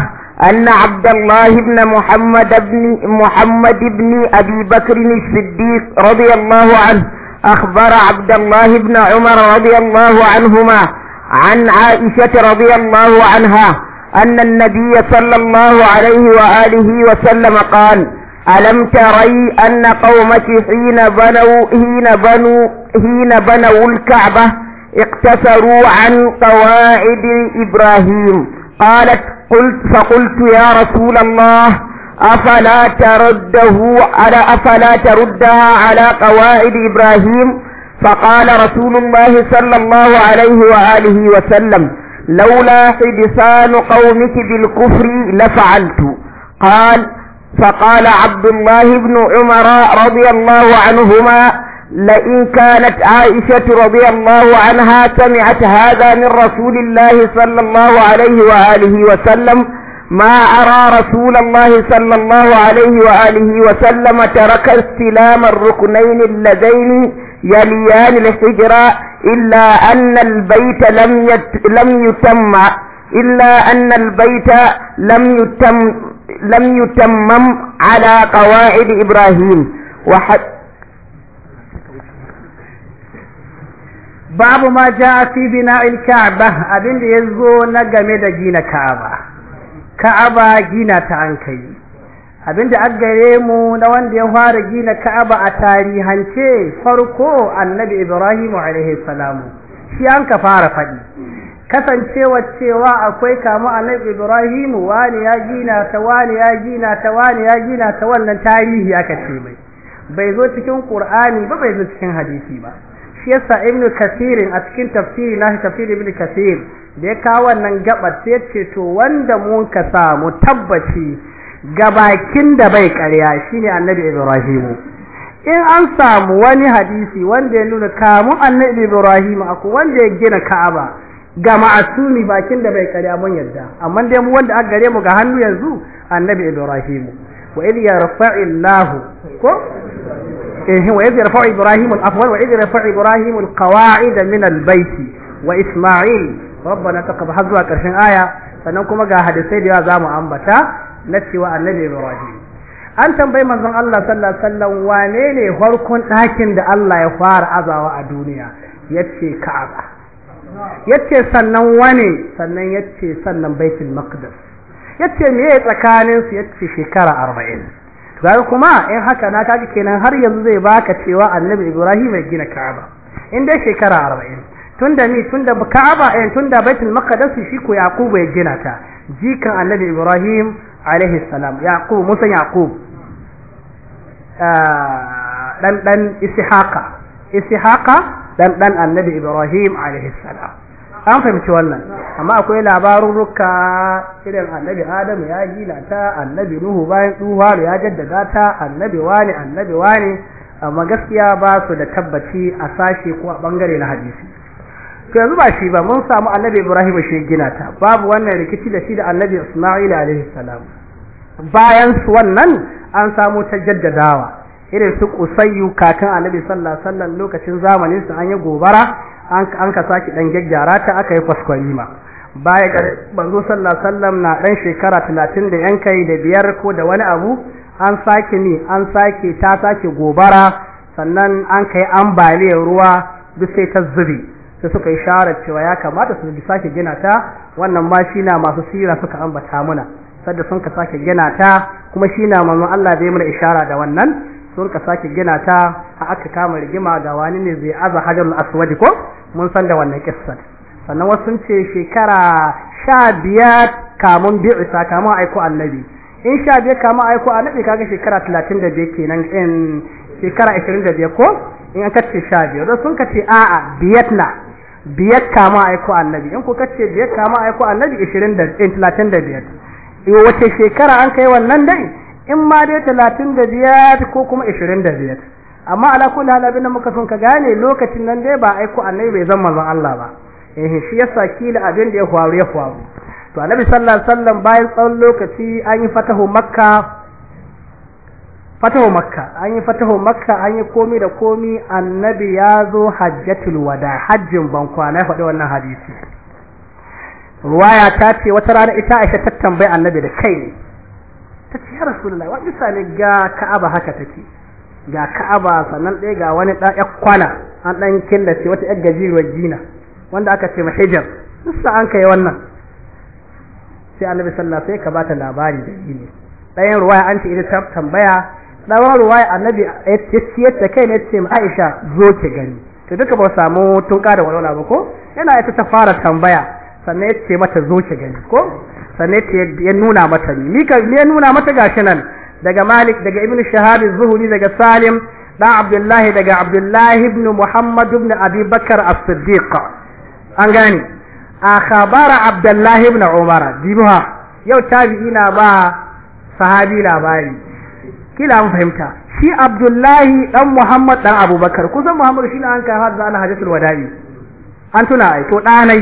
Speaker 2: أن عبد الله بن محمد بن محمد بن أبي بكر الصديق رضي الله عنه أخبر عبد الله بن عمر رضي الله عنهما عن عائشة رضي الله عنها أن النبي صلى الله عليه وآله وسلم قال ألم تري أن قومك حين بنوا حين بنوا حين بنوا الكعبة اقتصروا عن قواعد إبراهيم قالت قلت فقلت يا رسول الله أفلا ترده على أفلا تردها على قواعد إبراهيم فقال رسول الله صلى الله عليه وآله وسلم لولا حدثان قومك بالكفر لفعلت قال فقال عبد الله بن عمر رضي الله عنهما لئن كانت عائشة رضي الله عنها سمعت هذا من رسول الله صلى الله عليه وآله وسلم ما أرى رسول الله صلى الله عليه وآله وسلم ترك استلام الركنين اللذين يليان الحجرة إلا أن البيت لم, لم يتم إلا أن البيت لم يتم لم يتمم على قواعد إبراهيم وحد باب ما جاء في بناء الكعبة
Speaker 1: أبين يزو نقم دجين كعبة كعبة جينة عنكي abin da an gare mu na wanda ya fara gina Ka'aba a tarihance farko Annabi Ibrahim alaihi salamu shi an ka fara faɗi kasancewa cewa akwai kamu annabi Ibrahimu, wani ya gina ta wani ya gina ta wani ya gina ta wannan tarihi aka ce mai bai zo cikin Qur'ani ba bai zo cikin hadisi ba shi yasa Ibn Kathir a cikin tafsiri na tafsir Ibn Kathir da ya kawo wannan gabar sai ce to wanda mun ka samu tabbaci gabakin da bai karya shine annabi Ibrahimu. in an samu wani hadisi wanda ya nuna kamu annabi Ibrahimu akwai wanda ya gina Ka'aba ga ma'asumi bakin da bai kare mun yarda amma dai mu wanda aka gare mu ga hannu yanzu annabi ibrahim wa idh yarfa'u allah ko eh wa idh yarfa'u ibrahim al-afwal wa idh yarfa'u ibrahim al-qawa'id min al-bayt wa isma'il rabbana taqab hazwa karshen aya sannan kuma ga hadisai da yawa zamu ambata na cewa annabi ibrahim an tambayi manzon Allah sallallahu alaihi wasallam wane ne farkon ɗakin da Allah ya fara azawa a duniya yace ka'aba yace sannan wane sannan yace sannan baitul maqdis yace meye tsakanin su yace shekara 40 kaga kuma in haka na kaji kenan har yanzu zai baka cewa annabi ibrahim ya gina ka'aba in dai shekara 40 tunda ni tunda ka'aba eh tunda baitul maqdis shi ko yakubu ya gina ta jikan annabi ibrahim alaihi salam yaqub musa yaqub ah, dan dan ishaqa ishaqa dan dan annabi ibrahim alaihi salam an fahimci wannan amma akwai labarun rukka irin annabi adam ya gina ta annabi nuhu bayan tsuha ya jaddada ta annabi wani annabi wani amma gaskiya ba su da tabbaci a sashe ko a bangare na hadisi to yanzu ba shi ba mun samu annabi ibrahim shi gina ta babu wannan rikici da shi da annabi isma'il alaihi salam bayan su wannan an samu ta jaddadawa irin su kusayyu kakan annabi sallallahu alaihi wasallam lokacin zamanin su an yi gobara an an ka saki dan gaggyara ta aka yi ma baya ga banzo sallallahu alaihi wasallam na dan shekara 30 da yan kai da biyar ko da wani abu an sake ni an sake ta sake gobara sannan an kai ambaliyar ruwa duk sai ta zubi sai suka yi sharar cewa ya kamata su sake gina ta wannan ma shi na masu sira suka ambata muna sadda sun ka sake gina ta kuma shi na manzon Allah zai mana ishara da wannan sun ka sake gina ta a aka kama rigima ga wani ne zai aza hajarul aswadi ko mun san da wannan kissar sannan wasu sun ce shekara sha biyar kamun bi'isa kama aiko annabi in sha biyar kamun aiko annabi kaga shekara talatin da biyar kenan in shekara ashirin da biyar ko in an kace sha biyar don sun kace a'a biyar na biyar kama aiko annabi in ku kace biyar kama aiko annabi ashirin da eh, talatin da biyar wace shekara an kai wannan dai in ma dai talatin da biyar ko kuma ishirin da biyar amma ala kulli hal abin da muka son ka gane lokacin nan dai ba aiko annabi bai zama manzon Allah ba eh shi yasa kila abin da ya faru ya faru to annabi sallallahu alaihi wasallam bayan tsawon lokaci an yi fatahu makka fatahu makka an yi fatahu makka an yi komi da komi annabi ya zo hajjatul wada hajjin bankwana na faɗi wannan hadisi ruwaya ta ce wata rana ita aisha ta tambayi annabi da kai ne ta ce ya rasulullahi wani misali ga ka'aba haka take ga ka'aba sannan ɗaya ga wani ɗan ƴan kwana an ɗan killace wata ƴan gajiruwar jina wanda aka ce mahijar nissa an kai wannan sai annabi sallallahu alaihi wasallam sai ka bata labari da ne ɗayan ruwaya an ce ita ta tambaya ɗayan ruwaya annabi ya ciyar ta kai ne ce ma Aisha zo ki gani to duka ba samu tun da walwala ba ko yana ita ta fara tambaya sannan ya ce mata zo ki gani ko sanne ya nuna mata ni ne ya nuna mata gashi nan daga Malik daga Ibn Shahab az-Zuhri daga Salim da Abdullahi daga Abdullahi ibn Muhammad ibn Abi Bakar as-Siddiq an gani a khabara Abdullahi ibn Umar dibuha yau tabi'i na ba sahabi labari kila mun fahimta shi Abdullahi dan Muhammad dan Abubakar kusan Muhammad shi ne an kai har zuwa hajjatul wada'i an tuna ai to danai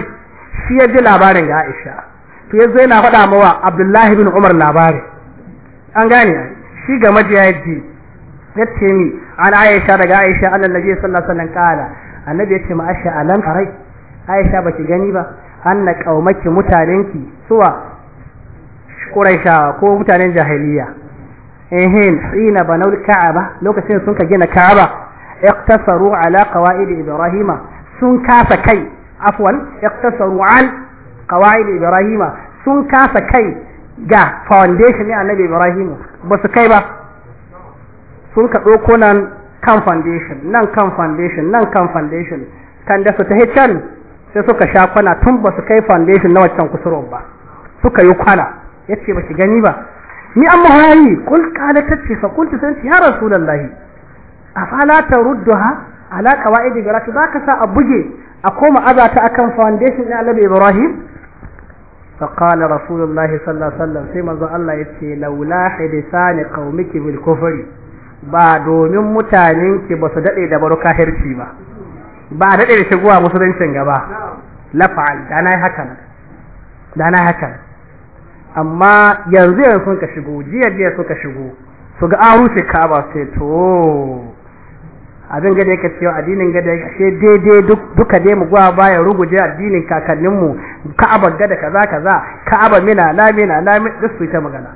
Speaker 1: shi ya ji labarin ga Aisha to zai na faɗa mawa abdullahi bin umar labari an gane shi ga majiya yadda ya ce ni an aisha daga aisha an nabi sallallahu alaihi kala annabi ya ce ma aisha alam farai aisha baki gani ba an na ƙaumaki mutanenki suwa quraisha ko mutanen jahiliya ehin hina banawul ba lokacin sun ka gina ka'aba iqtasaru ala qawaid ibrahima sun kasa kai afwan iqtasaru al da ibrahima sun kasa kai ga foundation ne annabi ibrahima ba su kai ba sun ka ɗauko nan kan foundation nan kan foundation nan kan foundation kan da su ta can sai suka sha kwana tun ba su kai foundation na waccan kusurwa ba suka yi kwana yace ba ki gani ba ni an muhari kul kala tace fa kuntu san ya rasulullahi ta tarudduha ala qawaid za ka sa a buge a koma azata akan foundation na Annabi Ibrahim فقال رسول الله صلى الله عليه وسلم ya ذو الله يتي لولا حدثان قومك بالكفر ba domin mutanenki basu daɗe da baro ba ba daɗe da shigowa musuluncin gaba lafa'al da na hakan hakan amma yanzu yanzu sun ka shigo jiya jiya suka shigo su ga an rufe kaba sai to abin gada yake cewa addinin gada yake daidai duka dai mu gwa baya ruguje addinin kakanninmu ka'aba da kaza kaza ka'aba mina na mina na duk su ta magana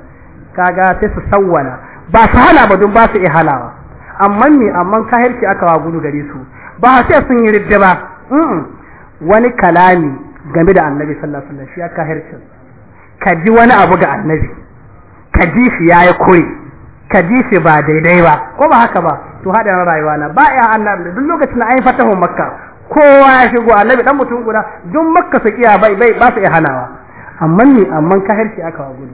Speaker 1: kaga sai su sawwana ba su hala ba dun ba su iya halawa amma me amma ka harki aka wa gudu gare su ba sai sun yi ridda ba wani kalami game da annabi sallallahu alaihi wasallam shi ya harki ka ji wani abu ga annabi ka ji shi yayi kure ka ji shi ba daidai ba ko ba haka ba to na rayuwa na ba ya Allah duk lokacin da ai yi fatahun makka kowa ya shigo annabi dan mutum guda duk makka su kiya bai bai ba su iya hanawa amma ni amma ka kahirci aka wa gudu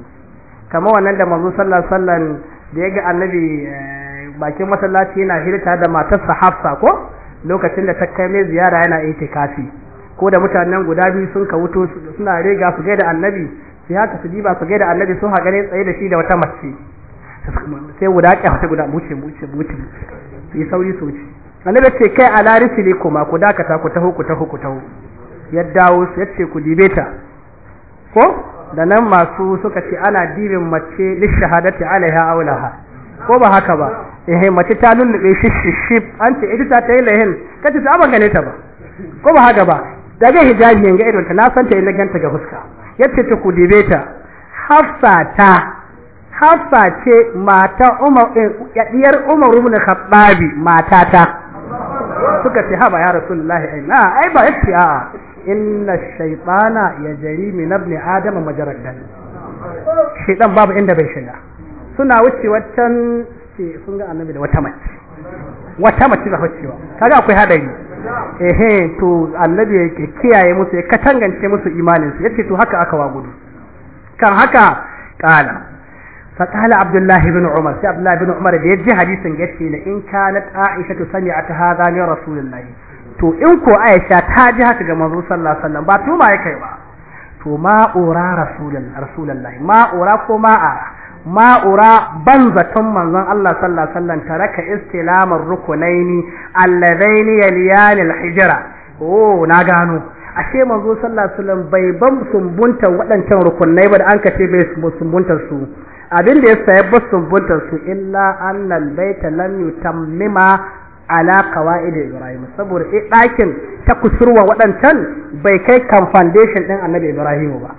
Speaker 1: kamar wannan da manzo sallallahu alaihi wasallam da ya ga annabi eh, bakin masallaci yana hirta da matarsa Hafsa ko lokacin da ta kai mai ziyara yana itikafi ko da mutanen guda biyu sun ka wuto suna rega su gaida annabi sai haka su diba su gaida annabi sun haƙa ne tsaye da shi da wata mace sai guda ƙyafa sai guda buce buce buce su yi sauri su wuce annabi ce kai ala risili kuma ku dakata ku taho ku taho ku taho ya dawo su yace ku dibe ta ko da nan masu suka ce ana dibin mace lishahadati alaiha aulaha ko ba haka ba eh mace ta lullube shi shi an ce ita ta yi lahin ka ta ban gane ta ba ko ba haka ba daga hijabi ga idon ta na san ta yi ganta ga fuska yace ta ku dibe ta hafsa ta hafsa ce mata umar ɗiyar eh, umar ibn mata matata suka ce haba ya rasulullahi aina eh, ai ba yace a inna shaytana yajri min ibn adam majarad dan shaytan babu inda bai shiga suna wuce ce sun ga annabi da wata mace wata mace da wucewa kaga akwai hadari ehe to annabi yake kiyaye musu ya katangance musu imanin su yace to haka aka wa gudu kan haka kala فقال عبد الله بن عمر سي عبد الله بن عمر da yaji hadisin gaske ne in kanat Aisha ta sani ta hada ne Rasulullah to in ko Aisha ta ji haka ga manzo sallallahu alaihi wasallam ba tuma yake ba to ma ura rasulun rasulullahi ma ura ko ma ara ma ura ban zaton manzon Allah sallallahu alaihi wasallam taraka istilamar rukunaini alladaini yaliyani alhijra oh na gano ashe manzo sallallahu alaihi wasallam bai ban sumbunta waɗancan rukunai ba da an kace bai sumbunta su abin da ya saya basun buntar su illa annal baita lam yutammima ala qawaid ibrahim saboda eh dakin ta kusurwa wadancan bai kai kan foundation din annabi ibrahim ba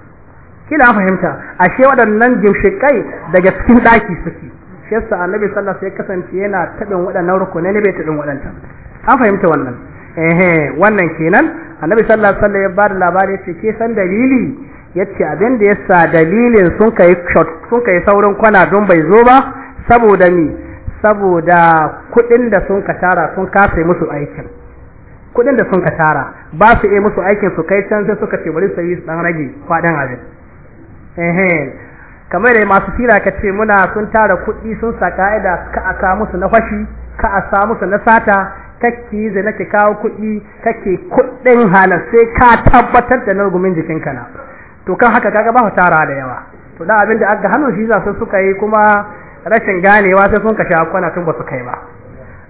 Speaker 1: kila fahimta ashe wadannan gimshikai daga cikin daki suke shi yasa annabi sallallahu alaihi wasallam kasance yana tabin wadannan rukunai ne bai tabin wadancan an fahimta wannan eh wannan kenan annabi sallallahu alaihi wasallam ya ba da labari ce ke san dalili yace abin da yasa dalilin sun kai shot sun kai saurin kwana don bai zo ba saboda ni saboda kudin da sun ka tara sun kasa musu aikin kudin da sun ka tara ba su yi musu aikin su kai can sai suka ce bari su yi dan rage kwadan abin ehe kamar da masu tira ka ce muna sun tara kudi sun sa ka'ida ka a sa musu na fashi ka a sa musu na sata kake zai nake kawo kudi kake kudin halar sai ka tabbatar da nargumin jikinka na to kan haka kaga ba tara da yawa to da abin da aka hannu shi za su suka yi kuma rashin ganewa sai sun kashe akwana tun ba su kai ba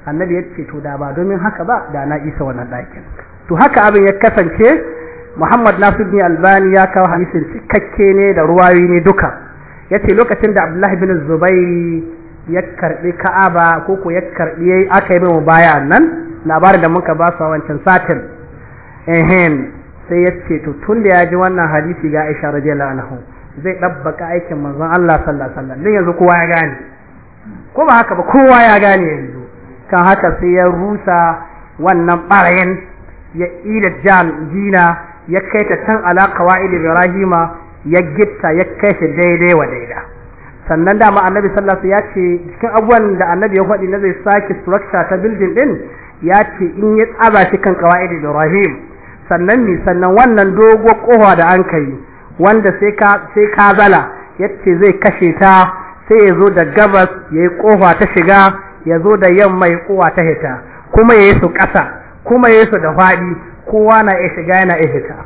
Speaker 1: annabi ya ce to da ba domin haka ba da na isa wannan ɗakin to haka abin ya kasance muhammad nasiruddin albani ya kawo hadisin cikakke ne da ruwayi ne duka yace lokacin da abdullahi bin zubairi ya karɓi ka'aba ko ko ya karɓi aka yi mu baya nan labarin da muka ba su a wancan satin ehem sai ya ce to tun da ya ji wannan hadisi ga Aisha radiyallahu anhu zai dabbaka aikin manzon Allah sallallahu alaihi wasallam dan yanzu kowa ya gane ko ba haka ba kowa ya gane yanzu kan haka sai ya rusa wannan barayin ya ila jan jina ya kai ta tan ala qawaid ibrahima ya gitta ya kai shi daidai wa daida sannan da ma annabi sallallahu alaihi wasallam ya ce cikin abubuwan da annabi ya faɗi na zai sake structure ta building din ya ce in ya tsaba shi kan qawaid ibrahim sannan ne sannan wannan dogo kofa da an kai wanda sai ka zala yace zai kashe ta sai ya zo da gabas ya yi kofa ta shiga ya zo da yamma ya kowa ta hita kuma ya yi su ƙasa kuma ya yi su da faɗi kowa na ya shiga yana ya hita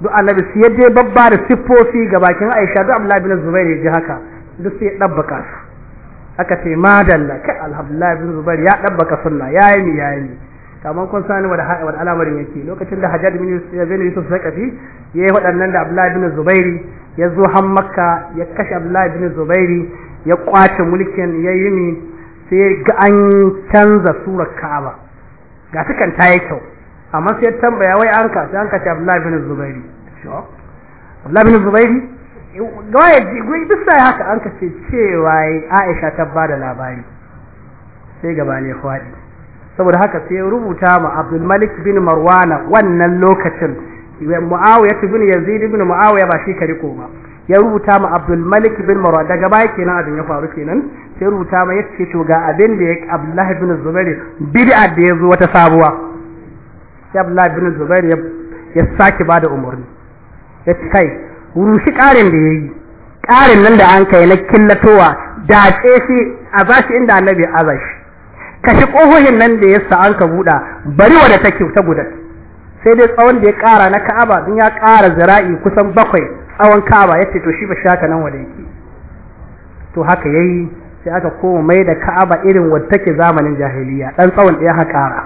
Speaker 1: duk annabi sai ya je babba da siffofi ga bakin Aisha duk Abdullahi bin Zubairu ya ji haka duk sai ya ɗabbaka su aka ce madalla kai alhamdulillah bin Zubairu ya ɗabbaka sunna yi ni ya yi ni. kamar kun sani wa da al'amarin yake lokacin da Hajjaj bin Yusuf ya yayi waɗannan da Abdullahi bin Zubairi ya zo har Makka ya kashe Abdullahi bin Zubairi ya kwace mulkin ya yi ni sai ga an canza surar Ka'aba ga tukan ta yi kyau amma sai tambaya wai an ka sai an kashe Abdullahi bin Zubairi Abdullahi bin Zubairi gwaye gwai duk sai haka an kashe cewa Aisha ta bada labari sai gaba ne saboda haka sai rubuta ma Abdul Malik bin Marwana wannan lokacin Muawiya bin Yazid bin Muawiya ba shi kariko ba ya rubuta ma Abdul Malik bin Marwana daga baya kenan abin ya faru kenan sai rubuta ma yace to ga abin da ya Abdullah bin Zubair bid'a da yazo wata sabuwa sai Abdullah bin Zubair ya saki bada umarni ya kai rushi karin da yayi karin nan da an kai na killatowa da ce shi a bashi inda Annabi azashi shi ƙohohin nan da yasa an ka buɗa bari wadda take ta gudan sai dai tsawon da ya ƙara na ka'aba in ya ƙara zira'i kusan bakwai tsawon ka'aba ya ce to shi ba shi haka nan wadda yake to haka ya yi sai aka koma mai da ka'aba irin wadda take zamanin jahiliya ɗan tsawon da ya ƙara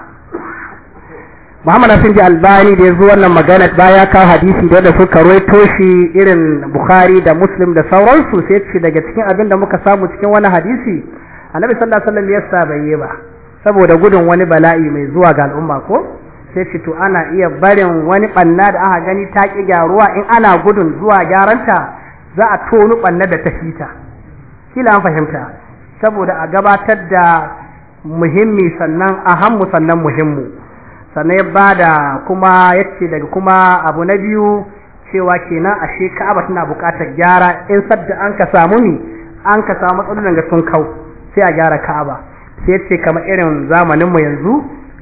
Speaker 1: Muhammad Hassan ji Albani da ya zo wannan magana baya kawo hadisi da da suka roito shi irin Bukhari da Muslim da sauransu sai ce daga cikin abin da muka samu cikin wani hadisi annabi sallallahu alaihi wasallam ya sabaye ba saboda gudun wani bala'i mai zuwa ga al'umma ko sai ce to ana iya barin wani banna da aka gani ta ki gyaruwa in ana gudun zuwa gyaranta za a tonu banna da ta fita kila an fahimta saboda a gabatar da muhimmi sannan ahammu sannan muhimmu sannan ya bada kuma yace daga kuma abu na biyu cewa kenan a Ka'aba tana bukatar gyara in sadda an ka samu ni an ka samu matsalolin da sun kau sai a gyara ka'aba sai ce kamar irin zamanin mu yanzu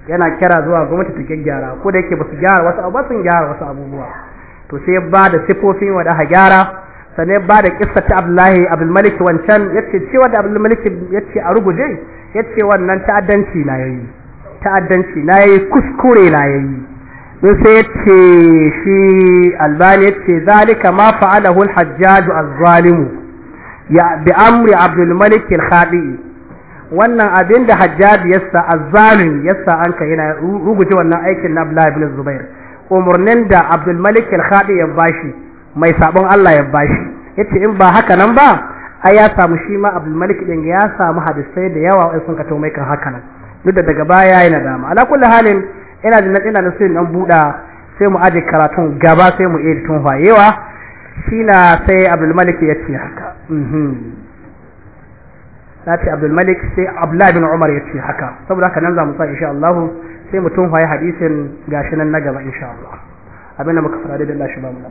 Speaker 1: yana kira zuwa gwamnati ta gyara ko da yake ba su gyara wasu abu sun gyara wasu abubuwa to sai ba da sifofin da aka gyara sannan ba da kissa ta Abdullahi Abdul Malik wancan yace cewa da Abdul Malik yace a ruguje yace wannan ta'addanci na yayi ta'addanci na yayi kuskure na yayi don sai yace shi Albani yace zalika ma fa'alahu al-Hajjaj az-zalimu ya bi amri Abdul Malik al-Khadi wannan abin da sa yasa ya sa an ka yana rubuta wannan aikin na Abdullah ibn Zubair umurnin da Abdul Malik al-Khadi ya bashi mai sabon Allah ya bashi yace in ba haka nan ba ai ya samu shi ma Abdul Malik din ya samu hadisai da yawa ai sun ka mai kan haka nan duk da daga baya yana nadama ala kulli halin ina da ina da sirrin dan buda sai mu aje karatun gaba sai mu tun fayewa shi na sai Abdul Malik ya ce haka mhm na ce abdul malik sai abdullahi bin umar ya ce haka saboda haka nan za mu sa insha Allah sai mu ya hadisin gashi nan na gaba insha Allah abinda muka fara da Allah shi ba mu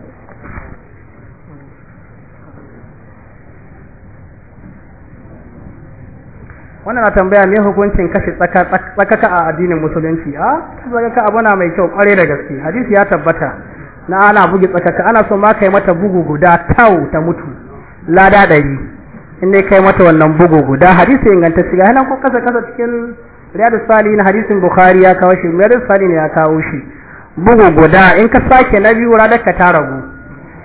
Speaker 1: wannan na tambaya me hukuncin kashe tsakaka a addinin musulunci a ah, tsakaka abu na mai kyau kware da gaske hadisi ya tabbata na ana bugi tsakaka ana so ma kai mata bugu guda tau ta mutu lada dari in dai kai mata wannan bugu guda hadisi inganta shiga nan ko kasa kasa cikin riyadus salihin hadisin bukhari ya kawo shi riyadus salihin ya kawo shi bugu guda in ka sake na biyu radar ka ta ragu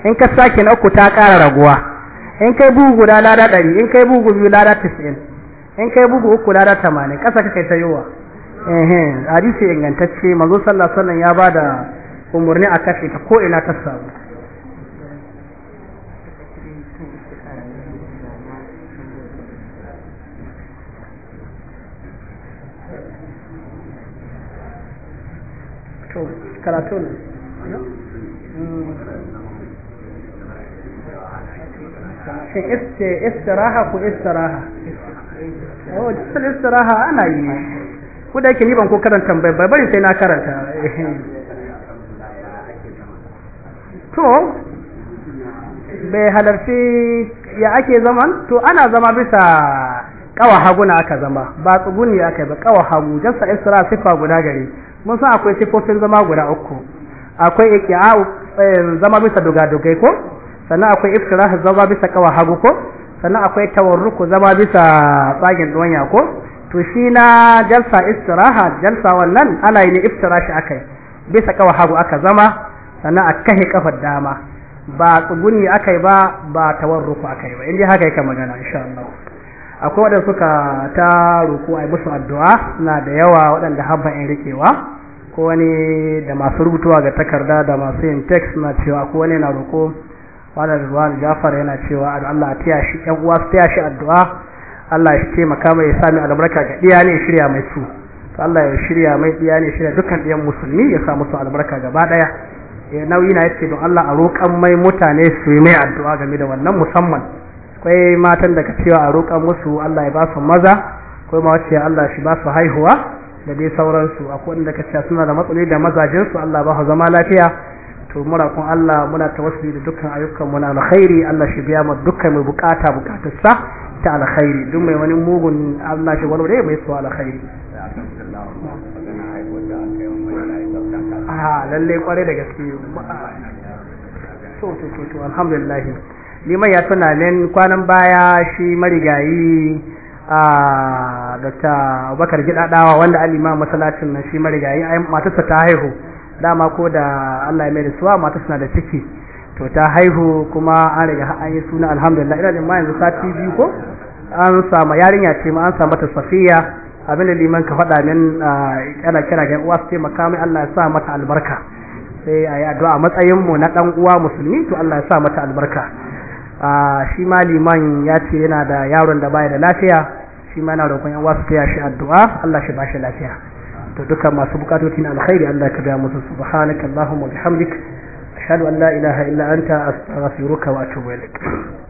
Speaker 1: in ka sake na uku ta ƙara raguwa in kai bugu guda lada ɗari in kai bugu biyu lada tis'in in kai bugu uku lada tamanin ƙasa ka kai ta yiwa hadisi ingantacce manzo sallallahu alaihi wasallam ya bada umarni a kashe ta ko ina ta samu karatun shin istiraha ko istiraha oh jisar istiraha ana yi ku da yake ni ban ko karanta bai bari sai na karanta to bai halarci ya ake zaman to ana zama bisa kawa haguna aka zama ba tsuguni aka yi ba kawa hagu jasa isra sifa guda gari mun san akwai sifofin zama guda uku akwai iki'a eh, zama bisa duga dugai ko sannan akwai iftirah zama bisa kawa hagu ko sannan akwai tawarruku zama bisa tsagin duwanya ko to shi na jalsa istiraha jalsa wannan ana yi ne iftirashi akai bisa kawa hagu aka zama sannan a kahe kafar dama ba tsuguni akai ba ba tawarruku akai ba in dai haka yake magana insha Allah akwai wadanda suka ta roko a musu addu'a na da yawa waɗanda habba in rikewa ko wani da masu rubutuwa ga takarda da masu yin text na cewa ko wani na roko wanda Rizwan Jafar yana cewa Allah ta shi uwa ta shi addu'a Allah shi taimaka mai ya sami albarka ga diya ne shirya mai su Allah ya shirya mai diya ne shirya dukkan ɗiyan musulmi ya sa musu albarka gaba ɗaya eh, nauyi na yace don Allah a roƙan mai mutane su yi mai addu'a game da wannan musamman akwai matan da ka cewa a roƙa musu Allah ya ba su maza ko ma wacce Allah shi ba su haihuwa da dai sauransu akwai wanda ka cewa suna da matsaloli da mazajinsu Allah ba su zama lafiya to mura kun Allah muna tawassuli da dukkan ayyukan mu na alkhairi Allah shi biya mu dukkan mai bukata bukatarsa ta alkhairi duk mai wani mugun Allah shi wani mai su alkhairi a ah, lalle kware da gaske to to to alhamdulillah liman ya tuna min kwanan baya shi marigayi a dr bakar gidadawa wanda alima masallacin nan shi marigayi ai matarsa ta haihu dama ko da allah ya mai da suwa matarsa na da ciki to ta haihu kuma an riga an yi suna alhamdulillah ina da ma yanzu sati biyu ko an samu yarinya ce ma an samu ta safiya abin da liman ka faɗa min yana kira ga uwa su taimaka allah ya sa mata albarka sai a yi addu'a matsayin mu na dan uwa musulmi to allah ya sa mata albarka shi ma liman ya ce yana da yaron da baya da lafiya shi ma yana roƙon yan wasu taya shi addu'a Allah shi ba shi lafiya to duka masu bukatotin alkhairi Allah ka biya musu subhanaka allahumma bihamdik ashhadu an la ilaha illa anta astaghfiruka wa atubu ilaik